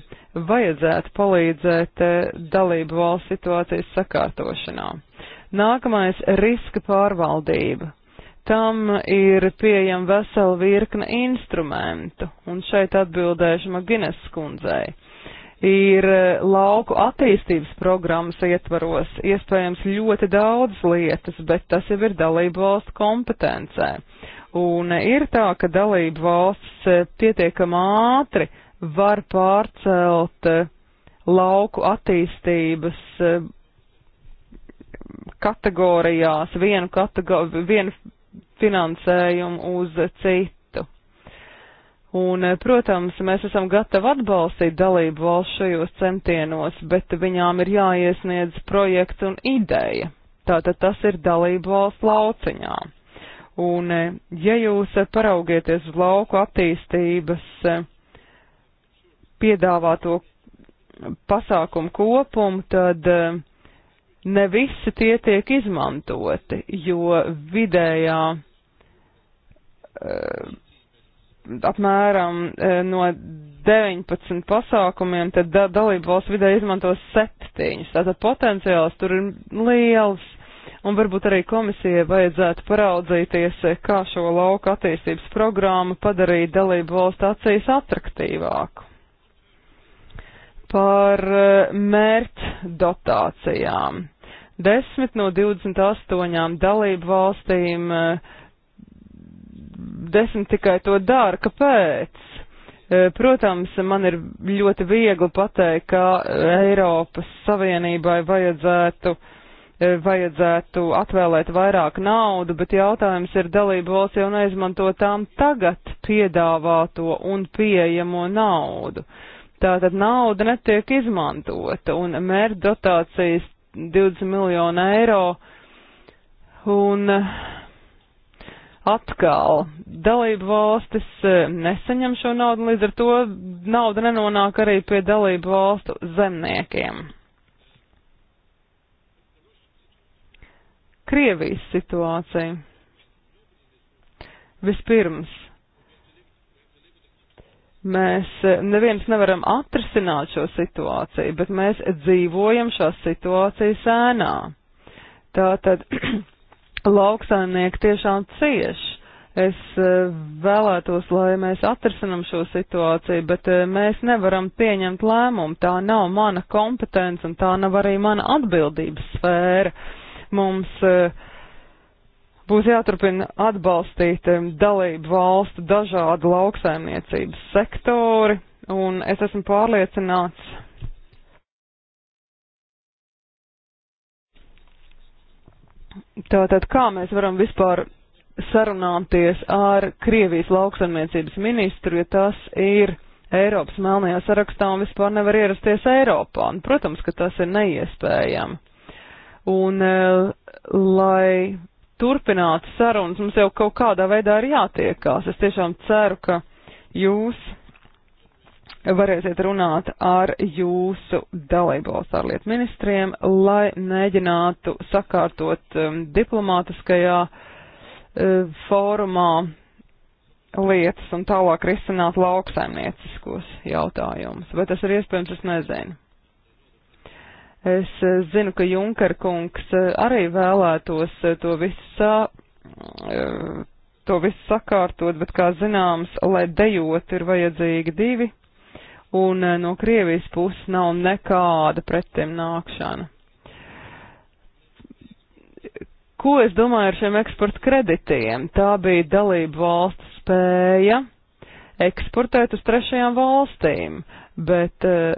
vajadzētu palīdzēt eh, dalību valsts situācijas sakārtošanā. Nākamais - riska pārvaldība tam ir pieejama vesela virkne instrumentu, un šeit atbildēšu Magines skundzei. Ir e, lauku attīstības programmas ietvaros iespējams ļoti daudz lietas, bet tas jau ir dalību valstu kompetencē. Un e, ir tā, ka dalību valsts e, pietiekam ātri var pārcelt lauku attīstības kategorijās vienu, kategor vienu finansējumu uz citu. Un, eh, protams, mēs esam gatavi atbalstīt dalību valsts šajos centienos, bet viņām ir jāiesniedz projekts un ideja. Tātad tas ir dalību valsts lauciņā. Un, eh, ja jūs paraugieties uz lauku attīstības eh, piedāvāto pasākumu kopumu, tad ne visi tie tiek izmantoti, jo vidējā Eh, apmēram eh, no 19 pasākumiem, tad da dalību valsts vidē izmanto septiņus. Tātad potenciāls tur ir liels. Un varbūt arī komisijai vajadzētu paraudzīties, eh, kā šo lauku attīstības programmu padarīt dalību valstu acīs atraktīvāku. Par mērķ dotācijām. 10 no 28 dalību valstīm uh, desmit tikai to dara, kāpēc? E, protams, man ir ļoti viegli pateikt, ka Eiropas Savienībai vajadzētu uh, vajadzētu atvēlēt vairāk naudu, bet jautājums ir dalību valsts jau neizmanto tām tagad piedāvāto un pieejamo naudu. Tātad nauda netiek izmantota un mērķa dotācijas 20 miljonu eiro un uh, Atkal dalību valstis e, nesaņem šo naudu, līdz ar to nauda nenonāk arī pie dalību valstu zemniekiem. Krievijas situācija. Vispirms, mēs e, neviens nevaram atrisināt šo situāciju, bet mēs dzīvojam šās situācijas ēnā. Tātad lauksaimnieki tiešām cieši. Es eh, vēlētos, lai mēs atrisinam šo situāciju, bet eh, mēs nevaram pieņemt lēmumu. Tā nav mana kompetence un tā nav arī mana atbildības sfēra. Mums eh, būs jāturpina atbalstīt dalību valstu dažādu lauksaimniecības sektori, un es esmu pārliecināts, Tātad, kā mēs varam vispār sarunāties ar Krievijas lauksaimniecības ministru, ja tas ir Eiropas melnajā sarakstā un vispār nevar ierasties Eiropā? Un, protams, ka tas ir neiespējami. Un, eh, lai turpinātu sarunas, mums jau kaut kādā veidā ir jātiekās. Es tiešām ceru, ka jūs varēsiet runāt ar jūsu dalībvalsts ārlietu ministriem, lai mēģinātu sakārtot um, diplomātiskajā um, fórumā lietas un tālāk risināt lauksaimnieciskos jautājumus. Vai tas ir iespējams, es nezinu. Es uh, zinu, ka Junker kungs uh, arī vēlētos to visu, sā, to visu sakārtot, bet, kā zināms, lai dejot ir vajadzīgi divi un eh, no Krievijas puses nav nekāda pretim nākšana. Ko es domāju ar šiem eksporta kreditiem? Tā bija dalību valsts spēja eksportēt uz trešajām valstīm, bet eh,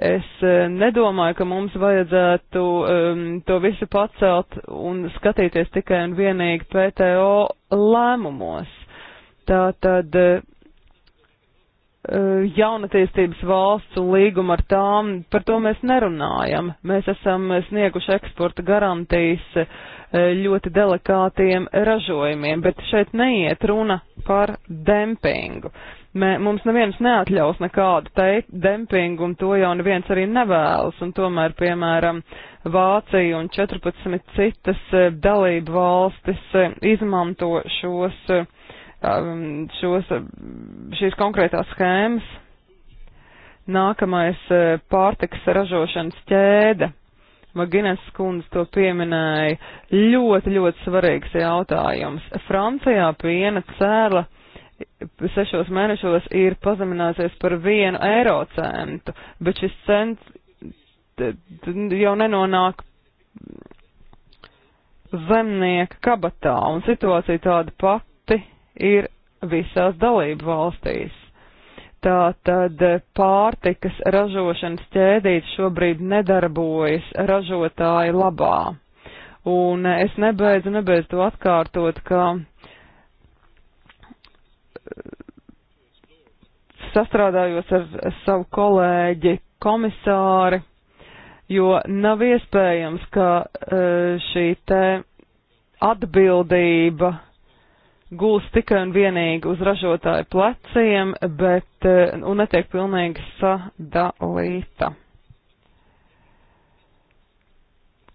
es eh, nedomāju, ka mums vajadzētu um, to visu pacelt un skatīties tikai un vienīgi PTO lēmumos. Tā tad Eh, jaunatīstības valsts un līguma ar tām, par to mēs nerunājam. Mēs esam snieguši eksporta garantijas eh, ļoti delikātiem ražojumiem, bet šeit neiet runa par dempingu. Mē, mums neviens neatļaus nekādu te, dempingu, un to jau neviens arī nevēlas, un tomēr, piemēram, Vācija un 14 citas eh, dalību valstis izmanto šos uh, Um, šos, šīs konkrētās schēmas. Nākamais uh, pārtiks ražošanas ķēde. Maginas skundze to pieminēja. Ļoti, ļoti svarīgs jautājums. Francijā piena cēla sešos mēnešos ir pazemināsies par vienu eiro centu, bet šis cents jau nenonāk zemnieka kabatā, un situācija tāda pati ir visās dalību valstīs. Tātad pārtikas ražošanas ķēdītes šobrīd nedarbojas ražotāju labā. Un es nebeidzu, nebeidzu to atkārtot, ka sastrādājos ar savu kolēģi komisāri, jo nav iespējams, ka eh, šī te atbildība guls tikai un vienīgi uz ražotāju pleciem, bet eh, un netiek pilnīgi sadalīta.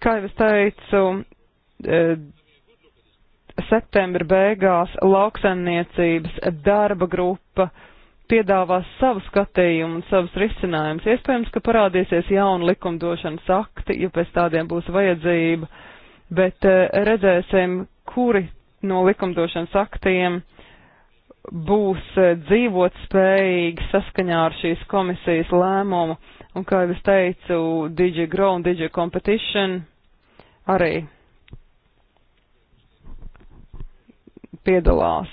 Kā jau es teicu, eh, septembra beigās lauksaimniecības darba grupa piedāvās savu skatījumu un savus risinājumus. Iespējams, ka parādīsies jauna likumdošanas akti, ja pēc tādiem būs vajadzība, bet eh, redzēsim, kuri no likumdošanas aktiem būs eh, dzīvot spējīgi saskaņā ar šīs komisijas lēmumu. Un, kā jau es teicu, DJ Grow un DJ Competition arī piedalās.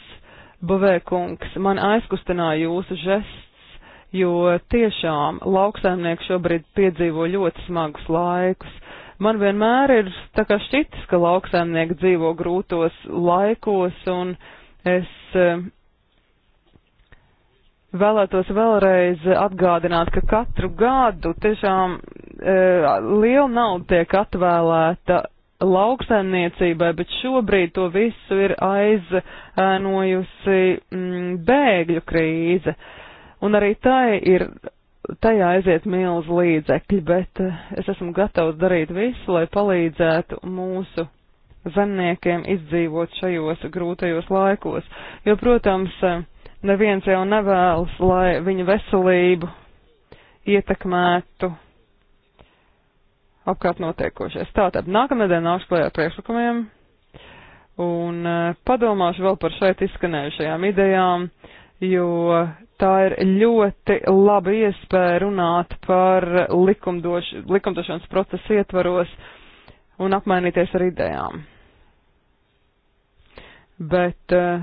Buvēkungs, man aizkustināja jūsu žests, jo tiešām lauksaimnieki šobrīd piedzīvo ļoti smagus laikus. Man vienmēr ir tā kā šķitis, ka lauksaimnieki dzīvo grūtos laikos, un es e, vēlētos vēlreiz atgādināt, ka katru gadu tiešām e, liela nauda tiek atvēlēta lauksaimniecībai, bet šobrīd to visu ir aizēnojusi mm, bēgļu krīze. Un arī tai ir tajā aiziet milz līdzekļi, bet eh, es esmu gatavs darīt visu, lai palīdzētu mūsu zemniekiem izdzīvot šajos grūtajos laikos. Jo, protams, eh, neviens jau nevēlas, lai viņu veselību ietekmētu apkārt notiekošais. Tātad nākamnedēļ nāks klajā priekšlikumiem un eh, padomāšu vēl par šeit izskanējušajām idejām, jo Tā ir ļoti laba iespēja runāt par likumdoš likumdošanas procesu ietvaros un apmainīties ar idejām. Bet uh,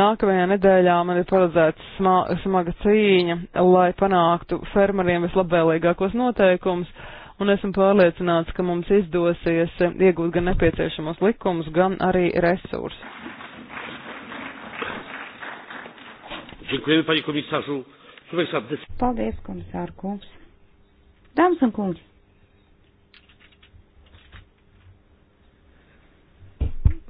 nākamajā nedēļā man ir paredzēta sma smaga cīņa, lai panāktu fermeriem vislabvēlīgākos noteikumus, un esmu pārliecināts, ka mums izdosies iegūt gan nepieciešamos likumus, gan arī resursus. Dziękujemy, panie komisarzu. Paldies, komisāra kungs. Dāmas un kungi.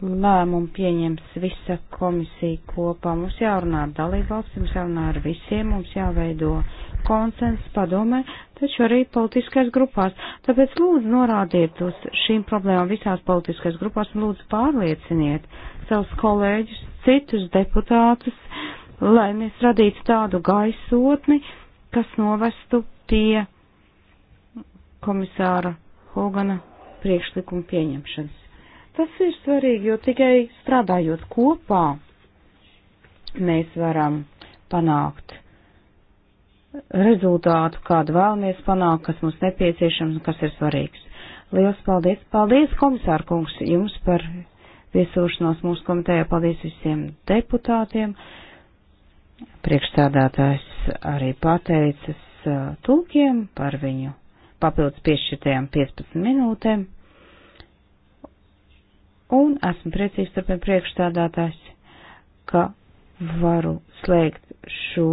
Lēmumu pieņems visa komisija kopā. Mums jārunā ar dalībvalstīm, mums jārunā ar visiem, mums jāveido konsens padomē, taču arī politiskais grupās. Tāpēc lūdzu norādiet uz šīm problēmām visās politiskais grupās un lūdzu pārlieciniet savus kolēģus, citus deputātus, uh, lai mēs radītu tādu gaisotni, kas novestu pie komisāra Hogana priekšlikuma pieņemšanas. Tas ir svarīgi, jo tikai strādājot kopā mēs varam panākt rezultātu, kādu vēlamies panākt, kas mums nepieciešams un kas ir svarīgs. Lielas paldies! Paldies, komisāra kungs, jums par viesošanos mūsu komitējā. Paldies visiem deputātiem! Priekšstādātājs arī pateicis tulkiem par viņu papildus piešķirtajām 15 minūtēm. Un esmu priecīgs turpin priekšstādātājs, ka varu slēgt šo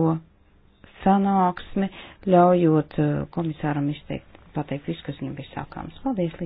sanāksmi, ļaujot komisāram izteikt, pateikt visu, kas viņam bija sākāms. Paldies!